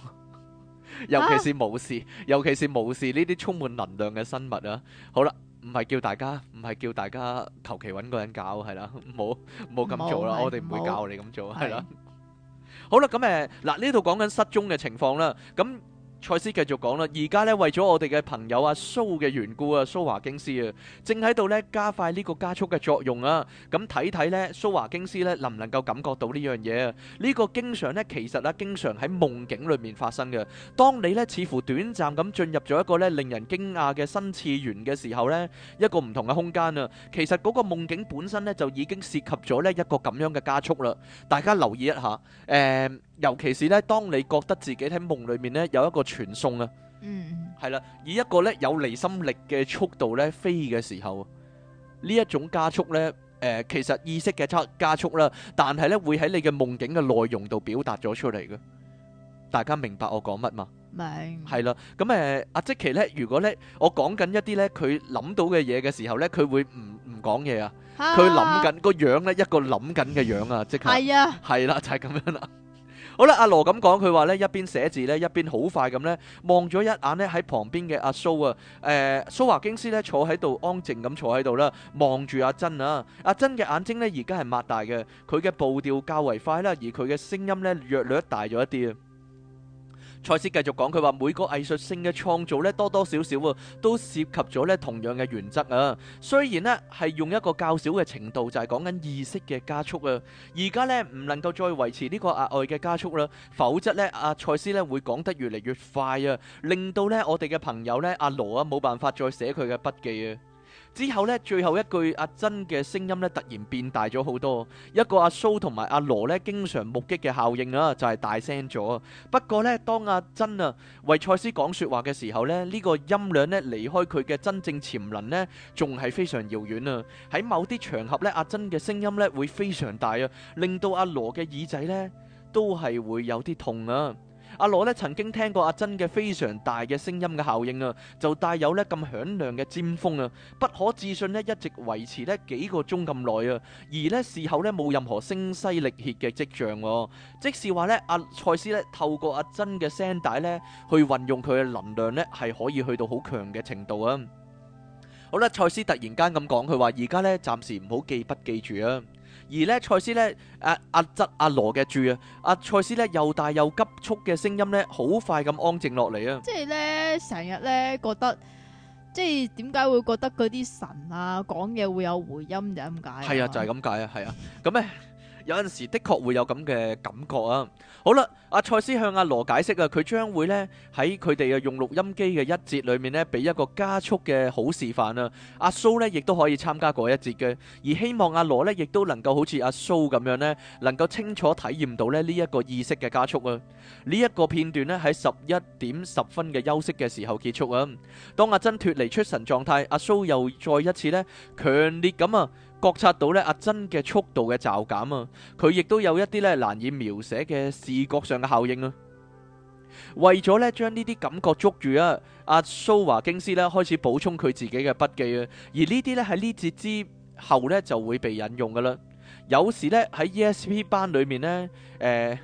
尤其是無視，尤其是無視呢啲充滿能量嘅生物啊。好啦，唔係叫大家，唔係叫大家求其揾個人搞係啦，好，唔好咁做啦，我哋唔會教你咁做係啦。好啦，咁誒，嗱呢度講緊失蹤嘅情況啦，咁。賽斯繼續講啦，而家呢，為咗我哋嘅朋友阿、啊、蘇嘅緣故啊，蘇華京師啊，正喺度呢加快呢個加速嘅作用啊。咁睇睇呢，蘇華京師呢能唔能夠感覺到呢樣嘢啊？呢、這個經常呢，其實呢經常喺夢境裏面發生嘅。當你呢似乎短暫咁進入咗一個呢令人驚訝嘅新次元嘅時候呢，一個唔同嘅空間啊，其實嗰個夢境本身呢，就已經涉及咗呢一個咁樣嘅加速啦。大家留意一下，誒、嗯。尤其是咧，當你覺得自己喺夢裏面咧有一個傳送啊，係啦，以一個咧有離心力嘅速度咧飛嘅時候，呢一種加速咧，誒，其實意識嘅測加速啦，但係咧會喺你嘅夢境嘅內容度表達咗出嚟嘅。大家明白我講乜嘛？明，係啦。咁誒，阿即奇咧，如果咧我講緊一啲咧佢諗到嘅嘢嘅時候咧，佢會唔唔講嘢啊？佢諗緊個樣咧，一個諗緊嘅樣啊，即刻係啊，係啦，就係咁樣啦。好啦，阿羅咁講，佢話咧一邊寫字咧，一邊好快咁咧望咗一眼咧喺旁邊嘅阿蘇啊，誒蘇華京師咧坐喺度安靜咁坐喺度啦，望住阿珍啊，阿珍嘅眼睛咧而家係擘大嘅，佢嘅步調較為快啦，而佢嘅聲音咧略略大咗一啲啊。賽斯繼續講，佢話每個藝術性嘅創造咧，多多少少都涉及咗咧同樣嘅原則啊。雖然咧係用一個較少嘅程度，就係講緊意識嘅加速啊。而家咧唔能夠再維持呢個額外嘅加速啦，否則咧阿賽斯咧會講得越嚟越快啊，令到咧我哋嘅朋友咧阿羅啊冇辦法再寫佢嘅筆記啊。之後咧，最後一句阿珍嘅聲音咧，突然變大咗好多。一個阿蘇同埋阿羅咧，經常目擊嘅效應啊，就係、是、大聲咗。不過咧，當阿珍啊為賽斯講說話嘅時候咧，呢、這個音量咧離開佢嘅真正潛能咧，仲係非常遙遠啊。喺某啲場合咧，阿珍嘅聲音咧會非常大啊，令到阿羅嘅耳仔咧都係會有啲痛啊。阿羅咧，曾經聽過阿珍嘅非常大嘅聲音嘅效應啊，就帶有咧咁響亮嘅尖峰啊，不可置信咧一直維持咧幾個鐘咁耐啊，而呢事後呢冇任何聲嘶力竭嘅跡象，即是話呢，阿賽斯咧透過阿珍嘅聲帶咧去運用佢嘅能量呢係可以去到好強嘅程度啊。好啦，賽斯突然間咁講，佢話而家呢，暫時唔好記筆記住啊。而咧賽斯咧阿阿侄阿羅嘅住啊，阿賽斯咧又大又急促嘅聲音咧，好快咁安靜落嚟啊！即係咧成日咧覺得，即係點解會覺得嗰啲神啊講嘢會有回音就咁解？係啊，就係咁解啊，係啊，咁咧。有陣時的確會有咁嘅感覺啊！好啦，阿賽斯向阿羅解釋啊，佢將會咧喺佢哋嘅用錄音機嘅一節裏面咧，俾一個加速嘅好示範啊。阿蘇咧亦都可以參加嗰一節嘅，而希望阿羅咧亦都能夠好似阿蘇咁樣咧，能夠清楚體驗到咧呢一個意識嘅加速啊！呢一個片段咧喺十一點十分嘅休息嘅時候結束啊！當阿珍脫離出神狀態，阿蘇又再一次咧強烈咁啊！覺察到咧阿珍嘅速度嘅驟減啊，佢亦都有一啲咧難以描寫嘅視覺上嘅效應啊。為咗咧將呢啲感覺捉住啊，阿蘇華京斯咧開始補充佢自己嘅筆記啊。而呢啲咧喺呢節之後咧就會被引用噶啦。有時咧喺 ESP 班裏面咧，誒、呃。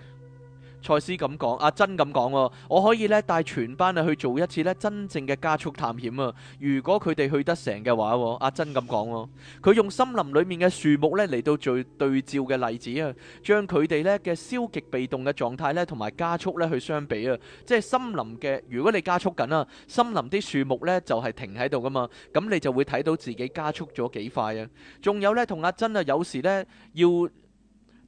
賽斯咁講，阿珍咁講，我可以呢帶全班啊去做一次呢真正嘅加速探險啊！如果佢哋去得成嘅話，阿珍咁講咯，佢用森林裏面嘅樹木呢嚟到最對照嘅例子啊，將佢哋呢嘅消極被動嘅狀態呢同埋加速呢去相比啊，即係森林嘅，如果你加速緊啊，森林啲樹木呢就係停喺度噶嘛，咁你就會睇到自己加速咗幾快啊！仲有呢，同阿珍啊，有時呢要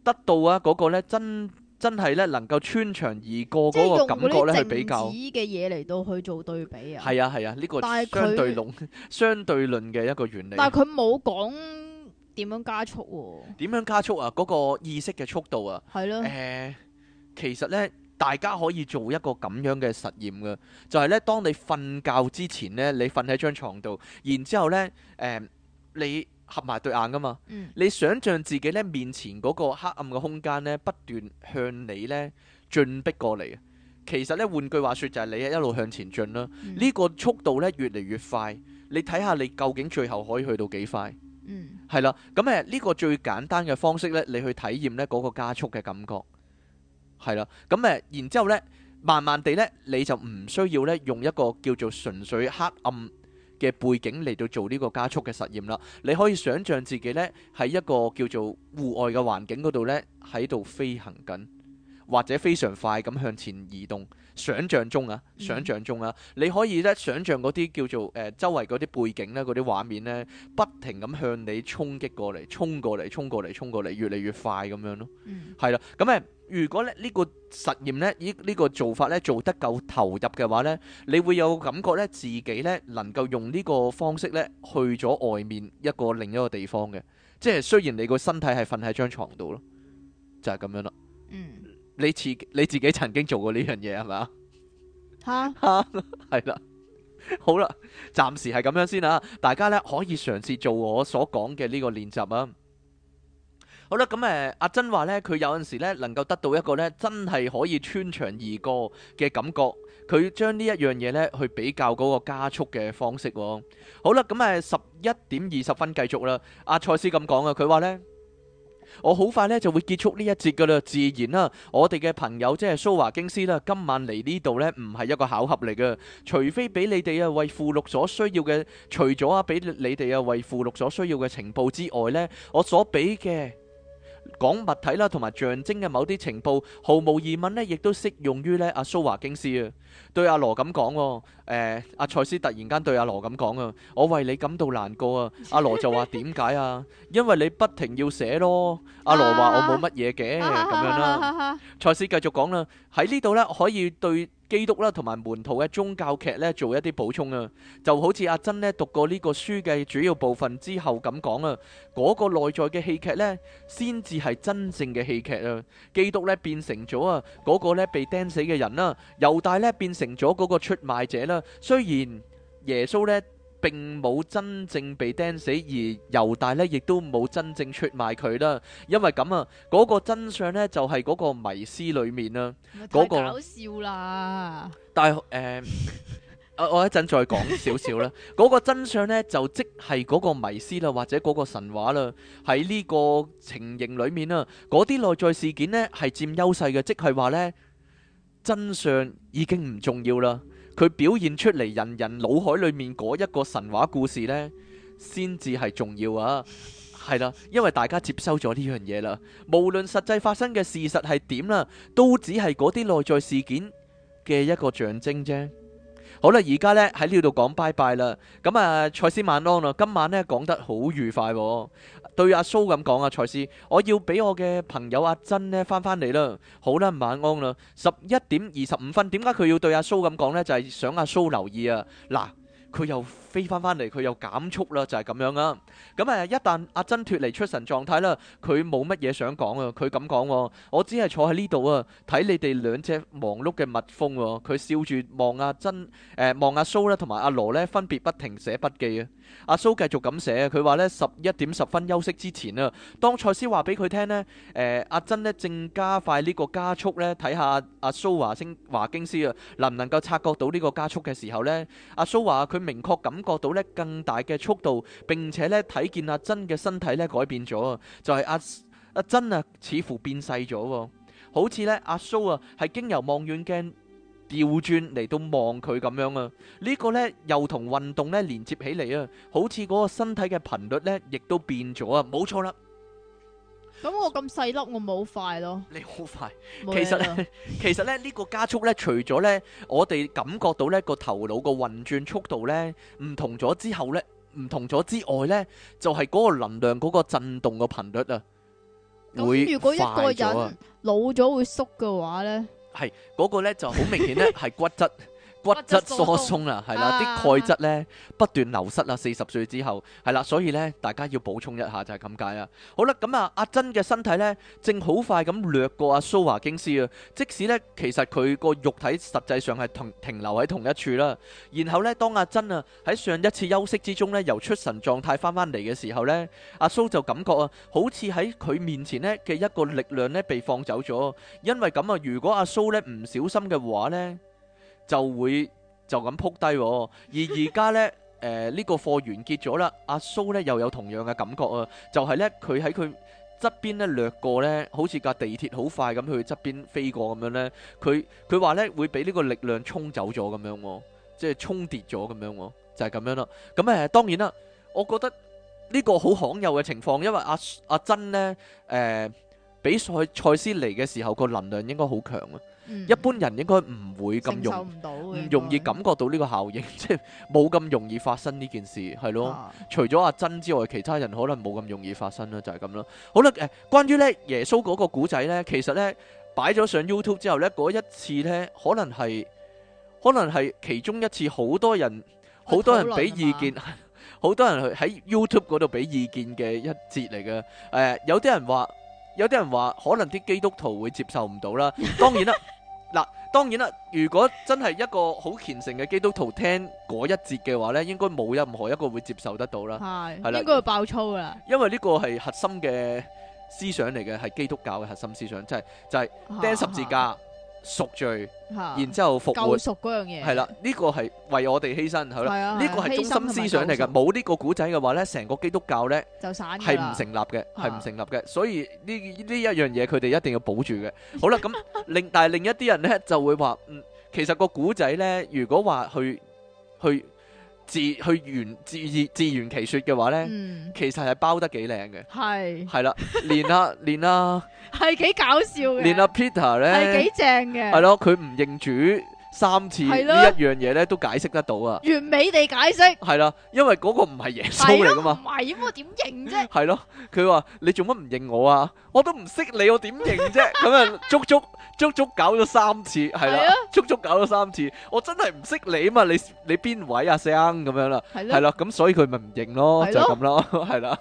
得到啊嗰個呢真。真係咧，能夠穿牆而過嗰個感覺咧，係比較嘅嘢嚟到去做對比啊！係啊係啊，呢個相對論相對論嘅一個原理。但係佢冇講點樣加速喎？點樣加速啊？嗰個意識嘅速度啊？係咯。誒，其實咧，大家可以做一個咁樣嘅實驗嘅，就係咧，當你瞓覺之前咧，你瞓喺張床度，然之後咧，誒，你。合埋對眼噶嘛？嗯、你想象自己咧面前嗰個黑暗嘅空間咧，不斷向你咧進逼過嚟。其實咧換句話說就係你一路向前進啦。呢、嗯、個速度咧越嚟越快，你睇下你究竟最後可以去到幾快？係啦、嗯，咁誒呢個最簡單嘅方式咧，你去體驗咧嗰個加速嘅感覺。係啦，咁、嗯、誒然之後咧，慢慢地咧你就唔需要咧用一個叫做純粹黑暗嘅背景嚟到做呢個加速嘅實驗啦，你可以想象自己咧，喺一個叫做戶外嘅環境嗰度咧，喺度飛行緊。或者非常快咁向前移動，想像中啊，想像中啊，你可以咧想像嗰啲叫做誒、呃、周圍嗰啲背景咧、啊、嗰啲畫面咧，不停咁向你衝擊過嚟、衝過嚟、衝過嚟、衝過嚟，越嚟越快咁樣咯。係啦，咁 誒，如果咧呢、這個實驗咧依呢、這個做法咧做得夠投入嘅話咧，你會有感覺咧自己咧能夠用呢個方式咧去咗外面一個另一個地方嘅，即係雖然你個身體係瞓喺張床度咯，就係、是、咁樣啦。嗯。 你自你自己曾經做過呢樣嘢係咪啊？嚇係啦，好啦，暫時係咁樣先啦、啊。大家呢可以嘗試做我所講嘅呢個練習啊。好啦，咁誒阿珍話呢，佢有陣時呢能夠得到一個呢真係可以穿牆而過嘅感覺。佢將呢一樣嘢呢去比較嗰個加速嘅方式、哦。好啦，咁誒十一點二十分繼續啦。阿賽斯咁講啊，佢話呢。我好快咧就會結束呢一節噶啦，自然啦，我哋嘅朋友即係蘇華京斯啦，今晚嚟呢度咧唔係一個巧合嚟嘅，除非俾你哋啊為附錄所需要嘅，除咗啊俾你哋啊為附錄所需要嘅情報之外咧，我所俾嘅。講物體啦，同埋象徵嘅某啲情報，毫無疑問呢，亦都適用於呢阿蘇華京斯啊。對阿羅咁講，誒、欸，阿、啊、賽斯突然間對阿羅咁講啊，我為你感到難過啊。 阿羅就話點解啊？因為你不停要寫咯。阿羅話我冇乜嘢嘅咁樣啦、啊。賽、啊啊啊、斯繼續講啦，喺呢度呢，可以對。基督啦，同埋門徒嘅宗教劇咧，做一啲補充啊，就好似阿珍咧讀過呢個書嘅主要部分之後咁講啊，嗰個內在嘅戲劇咧，先至係真正嘅戲劇啊。基督咧變成咗啊，嗰個咧被釘死嘅人啦，猶大咧變成咗嗰個出賣者啦。雖然耶穌咧。並冇真正被釘死，而猶大呢亦都冇真正出賣佢啦。因為咁啊，嗰、嗰個真相呢就係、係、嗰個迷思裏面啦、啊，嗰、嗰個。呃、搞笑啦！但係誒，我一陣再講少少啦。嗰 個真相呢就即係嗰個迷思啦，或者嗰個神話啦。喺呢個情形裏面啊，嗰啲內在事件呢係佔優勢嘅，即係話呢，真相已經唔重要啦。佢表現出嚟人人腦海裏面嗰一個神話故事呢，先至係重要啊！係啦，因為大家接收咗呢樣嘢啦，無論實際發生嘅事實係點啦，都只係嗰啲內在事件嘅一個象徵啫。好啦，而家呢，喺呢度講拜拜啦。咁啊，賽斯晚安啦！今晚呢講得好愉快喎、啊。對阿蘇咁講啊，賽斯，我要俾我嘅朋友阿珍呢翻返嚟啦。好啦，晚安啦。十一點二十五分，點解佢要對阿蘇咁講呢？就係、是、想阿蘇留意啊。嗱，佢又，飛翻翻嚟，佢又減速啦，就係咁樣啊！咁誒，一旦阿珍脫離出神狀態啦，佢冇乜嘢想講啊！佢咁講，我只係坐喺呢度啊，睇你哋兩隻忙碌嘅蜜蜂。佢笑住望阿珍誒，望阿蘇咧，同埋阿羅咧，分別不停寫筆記啊！阿蘇繼續咁寫，佢話咧十一點十分休息之前啊，當賽斯話俾佢聽咧，誒，阿珍咧正加快呢個加速咧，睇下阿蘇華星華京斯啊，能唔能夠察覺到呢個加速嘅時候咧？阿蘇話佢明確咁。感覺到咧更大嘅速度，並且咧睇見阿珍嘅身體咧改變咗，就係、是、阿阿珍啊，似乎變細咗，好似咧阿蘇啊，係經由望遠鏡調轉嚟到望佢咁樣啊，呢、這個咧又同運動咧連接起嚟啊，好似嗰個身體嘅頻率咧亦都變咗啊，冇錯啦。咁我咁細粒，我咪好快咯。你好快其，其實咧，其實咧呢個加速咧，除咗咧我哋感覺到咧個頭腦個運轉速度咧唔同咗之後咧唔同咗之外咧，就係、是、嗰個能量嗰個震動嘅頻率啊，會快咗。咁如果一個人老咗會縮嘅話咧，係嗰、那個咧就好明顯咧係骨質。骨質疏鬆啊，係啦，啲鈣質咧不斷流失啊。四十歲之後係啦，所以咧大家要補充一下就係咁解啦。好啦，咁啊，阿珍嘅身體咧，正好快咁掠過阿蘇華京斯啊。即使咧，其實佢個肉體實際上係同停留喺同一處啦。然後咧，當阿珍啊喺上一次休息之中咧，由出神狀態翻返嚟嘅時候咧，阿蘇就感覺啊，好似喺佢面前呢嘅一個力量咧被放走咗。因為咁啊，如果阿蘇咧唔小心嘅話咧，就會就咁撲低，而而家呢，誒、呃、呢、這個貨完結咗啦，阿蘇呢又有同樣嘅感覺啊，就係、是、呢，佢喺佢側邊咧掠過咧，好似架地鐵好快咁去側邊飛過咁樣呢。佢佢話咧會俾呢個力量沖走咗咁樣、哦，即係沖跌咗咁樣、哦，就係、是、咁樣啦。咁、嗯、誒、呃、當然啦，我覺得呢個好罕有嘅情況，因為阿阿珍咧誒比賽賽斯嚟嘅時候個能量應該好強啊。一般人應該唔會咁容唔容易感覺到呢個效應，即係冇咁容易發生呢件事，係咯？除咗阿珍之外，其他人可能冇咁容易發生啦，就係咁啦。好啦，誒，關於咧耶穌嗰個古仔咧，其實咧擺咗上 YouTube 之後咧，嗰一次咧，可能係可能係其中一次好多人好多人俾意見，好多人喺 YouTube 嗰度俾意見嘅一節嚟嘅。誒，有啲人話有啲人話，可能啲基督徒會接受唔到啦。當然啦。嗱，當然啦，如果真係一個好虔誠嘅基督徒聽嗰一節嘅話呢，應該冇任何一個會接受得到啦，係是，係啦的，應該會爆粗噶因為呢個係核心嘅思想嚟嘅，係基督教嘅核心思想，即係就係、是、釘十字架。哈哈贖罪，然之後復活。救贖嗰樣嘢係啦，呢、這個係為我哋犧牲。好啦，呢、啊、個係中心思想嚟噶。冇呢、啊啊、個古仔嘅話呢，成個基督教呢，就係唔成立嘅，係唔成立嘅。所以呢呢一樣嘢，佢哋一定要保住嘅。好啦，咁另 但係另一啲人呢，就會話，嗯，其實個古仔呢，如果話去去。去自去圓自自圓其說嘅話咧，嗯、其實係包得幾靚嘅，係係啦，連啊連啊，係幾搞笑嘅，啊，連阿、 啊、Peter 咧係 幾正嘅，係咯，佢唔認主。三次呢一樣嘢咧都解釋得到啊，完美地解釋。係啦，因為嗰個唔係耶穌嚟噶嘛，唔係咁我點認啫？係咯，佢話你做乜唔認我啊？我都唔識你，我點認啫？咁啊，足足足足搞咗三次，係啦，足足搞咗三次，我真係唔識你啊嘛，你你邊位啊聲咁樣啦，係啦，咁所以佢咪唔認咯，就咁咯，係啦，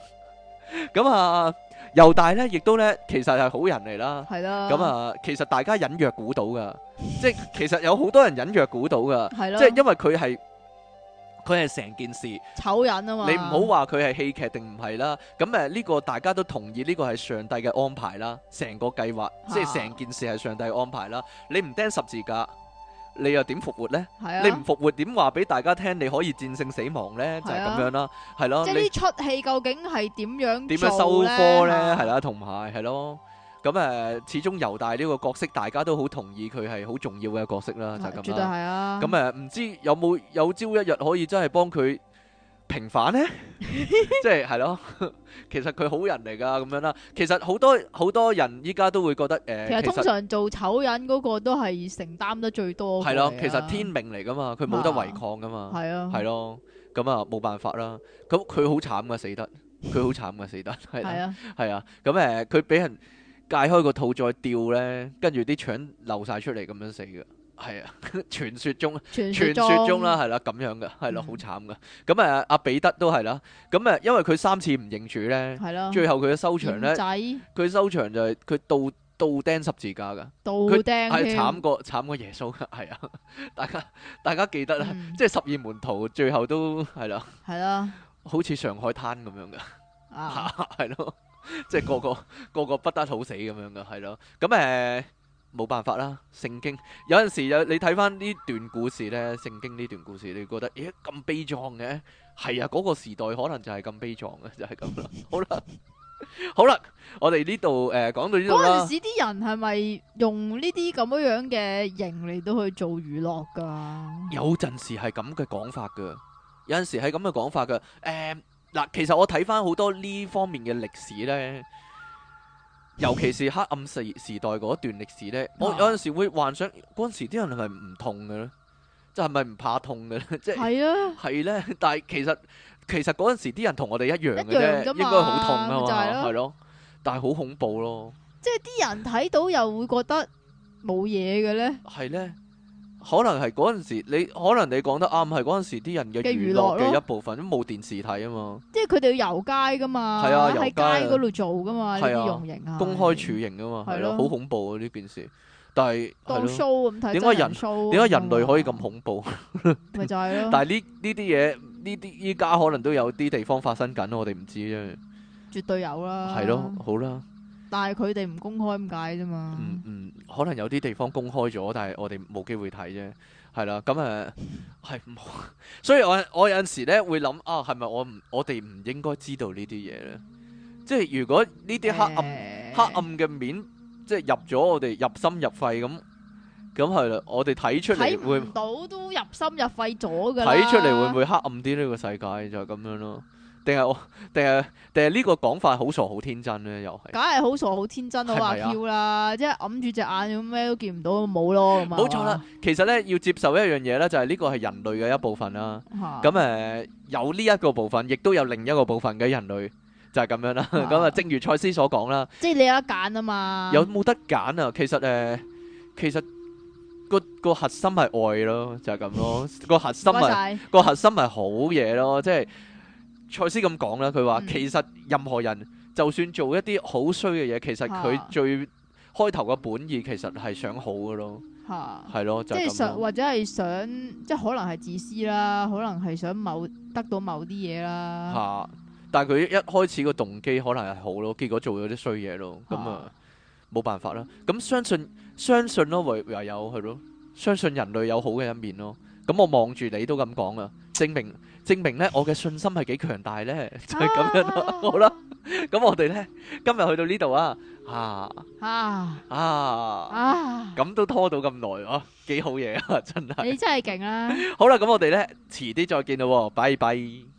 咁啊。又大咧，亦都咧，其實係好人嚟啦。係啦。咁 啊樂、嗯，其實大家隱約估到㗎， 即係其實有好多人隱約估到㗎。係 即係因為佢係佢係成件事。醜人啊嘛！ 你唔好話佢係戲劇定唔係啦。咁、嗯、誒，呢、這個大家都同意，呢、這個係上帝嘅安排啦。成個計劃， 即係成件事係上帝安排啦。你唔釘十字架。你又點復活呢？啊、你唔復活點話俾大家聽你可以戰勝死亡呢？就係、係、咁樣啦，係咯、啊。啊、即係呢出戲究竟係點樣？點樣收科呢？係啦，同埋係咯。咁誒、啊啊嗯，始終猶大呢個角色大家都好同意佢係好重要嘅角色啦，就咁、係。絕對係啊。咁誒、嗯，唔、嗯、知有冇有，有朝一日可以真係幫佢平反呢？即係係咯，其實佢好人嚟噶咁樣啦。其實好多好多人依家都會覺得誒，呃、其實通常做醜人嗰個都係承擔得最多。係咯、啊，其實天命嚟噶嘛，佢冇得違抗噶嘛。係啊，係咯、啊，咁啊冇辦法啦。咁佢好慘噶，死得，佢好慘噶，死得，係啊，係啊。咁誒、啊，佢俾、啊、人戒開個肚再吊咧，跟住啲腸漏晒出嚟咁樣死噶。係啊， 傳説中傳説中啦，係啦，咁樣嘅，係咯，好慘噶。咁誒，阿彼得都係啦。咁誒，因為佢三次唔認主咧，係咯，最後佢嘅收場咧仔，佢收場就係佢倒倒釘十字架噶，倒釘係、哎、慘過慘過耶穌噶，係啊。大家大家記得啦，嗯、即係十二門徒最後都係啦，係啦，好似上海灘咁樣噶，係咯，即係個個 個個不得好死咁樣噶，係咯。咁誒。冇辦法啦，聖經有陣時有你睇翻呢段故事咧，聖經呢段故事你覺得，咦？咁悲壯嘅，係啊嗰個時代可能就係咁悲壯嘅，就係咁啦。好啦， 好啦，我哋呢度誒講到呢度啦。嗰陣時啲人係咪用呢啲咁樣樣嘅形嚟到去做娛樂㗎？有陣時係咁嘅講法㗎，有陣時係咁嘅講法㗎。誒嗱，其實我睇翻好多呢方面嘅歷史咧。尤其是黑暗時時代嗰段歷史咧， 我有陣時會幻想嗰陣時啲人係咪唔痛嘅咧？即係咪唔怕痛嘅咧？即係係啊，係咧。但係其實其實嗰陣時啲人同我哋一樣嘅啫，應該好痛啊嘛，係咯。但係好恐怖咯。即係啲人睇到又會覺得冇嘢嘅咧。係咧。 可能係嗰陣時，你可能你講得啱，係嗰陣時啲人嘅娛樂嘅一部分，都冇電視睇啊嘛。即係佢哋要遊街噶嘛，係啊，喺街嗰度做噶嘛，呢啲容刑啊，公開處刑啊嘛，係咯，好恐怖啊呢件事。但係係咯，點解人點解人類可以咁恐怖？咪就係咯。但係呢呢啲嘢，呢啲依家可能都有啲地方發生緊，我哋唔知啫。絕對有啦。係咯，好啦。但係佢哋唔公開咁解啫嘛。嗯嗯。可能有啲地方公開咗，但係我哋冇機會睇啫。係啦，咁誒係冇。呃、 所以我我有陣時咧會諗啊，係咪我我哋唔應該知道呢啲嘢咧？即係如果呢啲黑暗，欸、黑暗嘅面，即係入咗我哋入心入肺咁，咁係啦，我哋睇出嚟會唔到都入心入肺咗㗎。睇出嚟會唔會黑暗啲呢？呢個世界就係咁樣咯。定係定係定係呢個講法好傻好天真咧，又係。梗係好傻好天真，阿 Q 啦，即係揞住隻眼，咩都見唔到，冇咯，咁冇錯啦，話其實咧要接受一樣嘢咧，就係呢個係人類嘅一部分啦。咁誒、啊，有呢一個部分，亦都有另一個部分嘅人類，就係、是、咁樣啦。咁啊、嗯，正如賽斯所講啦，即係你有得，有得揀啊嘛。有冇得揀啊？其實誒、呃，其實、那個個核心係愛咯，就係、是、咁咯。個核心係 謝謝 個核心係好嘢咯，即、就、係、是。賽斯咁講啦，佢話其實任何人、嗯、就算做一啲好衰嘅嘢，啊、其實佢最開頭嘅本意其實係想好噶咯，係、啊、咯，即係想或者係想即係可能係自私啦，可能係想某得到某啲嘢啦，啊、但係佢一開始個動機可能係好咯，結果做咗啲衰嘢咯，咁啊冇辦法啦。咁相信相信咯，唯又有係咯，相信人類有好嘅一面咯。咁我望住你都咁講啊，證明。證明咧，我嘅信心係幾強大咧，就係、是、咁樣咯、啊。啊、好啦，咁、啊、我哋咧今日去到呢度啊，啊啊啊，咁、啊啊、都拖到咁耐啊，幾好嘢啊，真係！你真係勁啦！好啦，咁我哋咧遲啲再見啦，bye bye。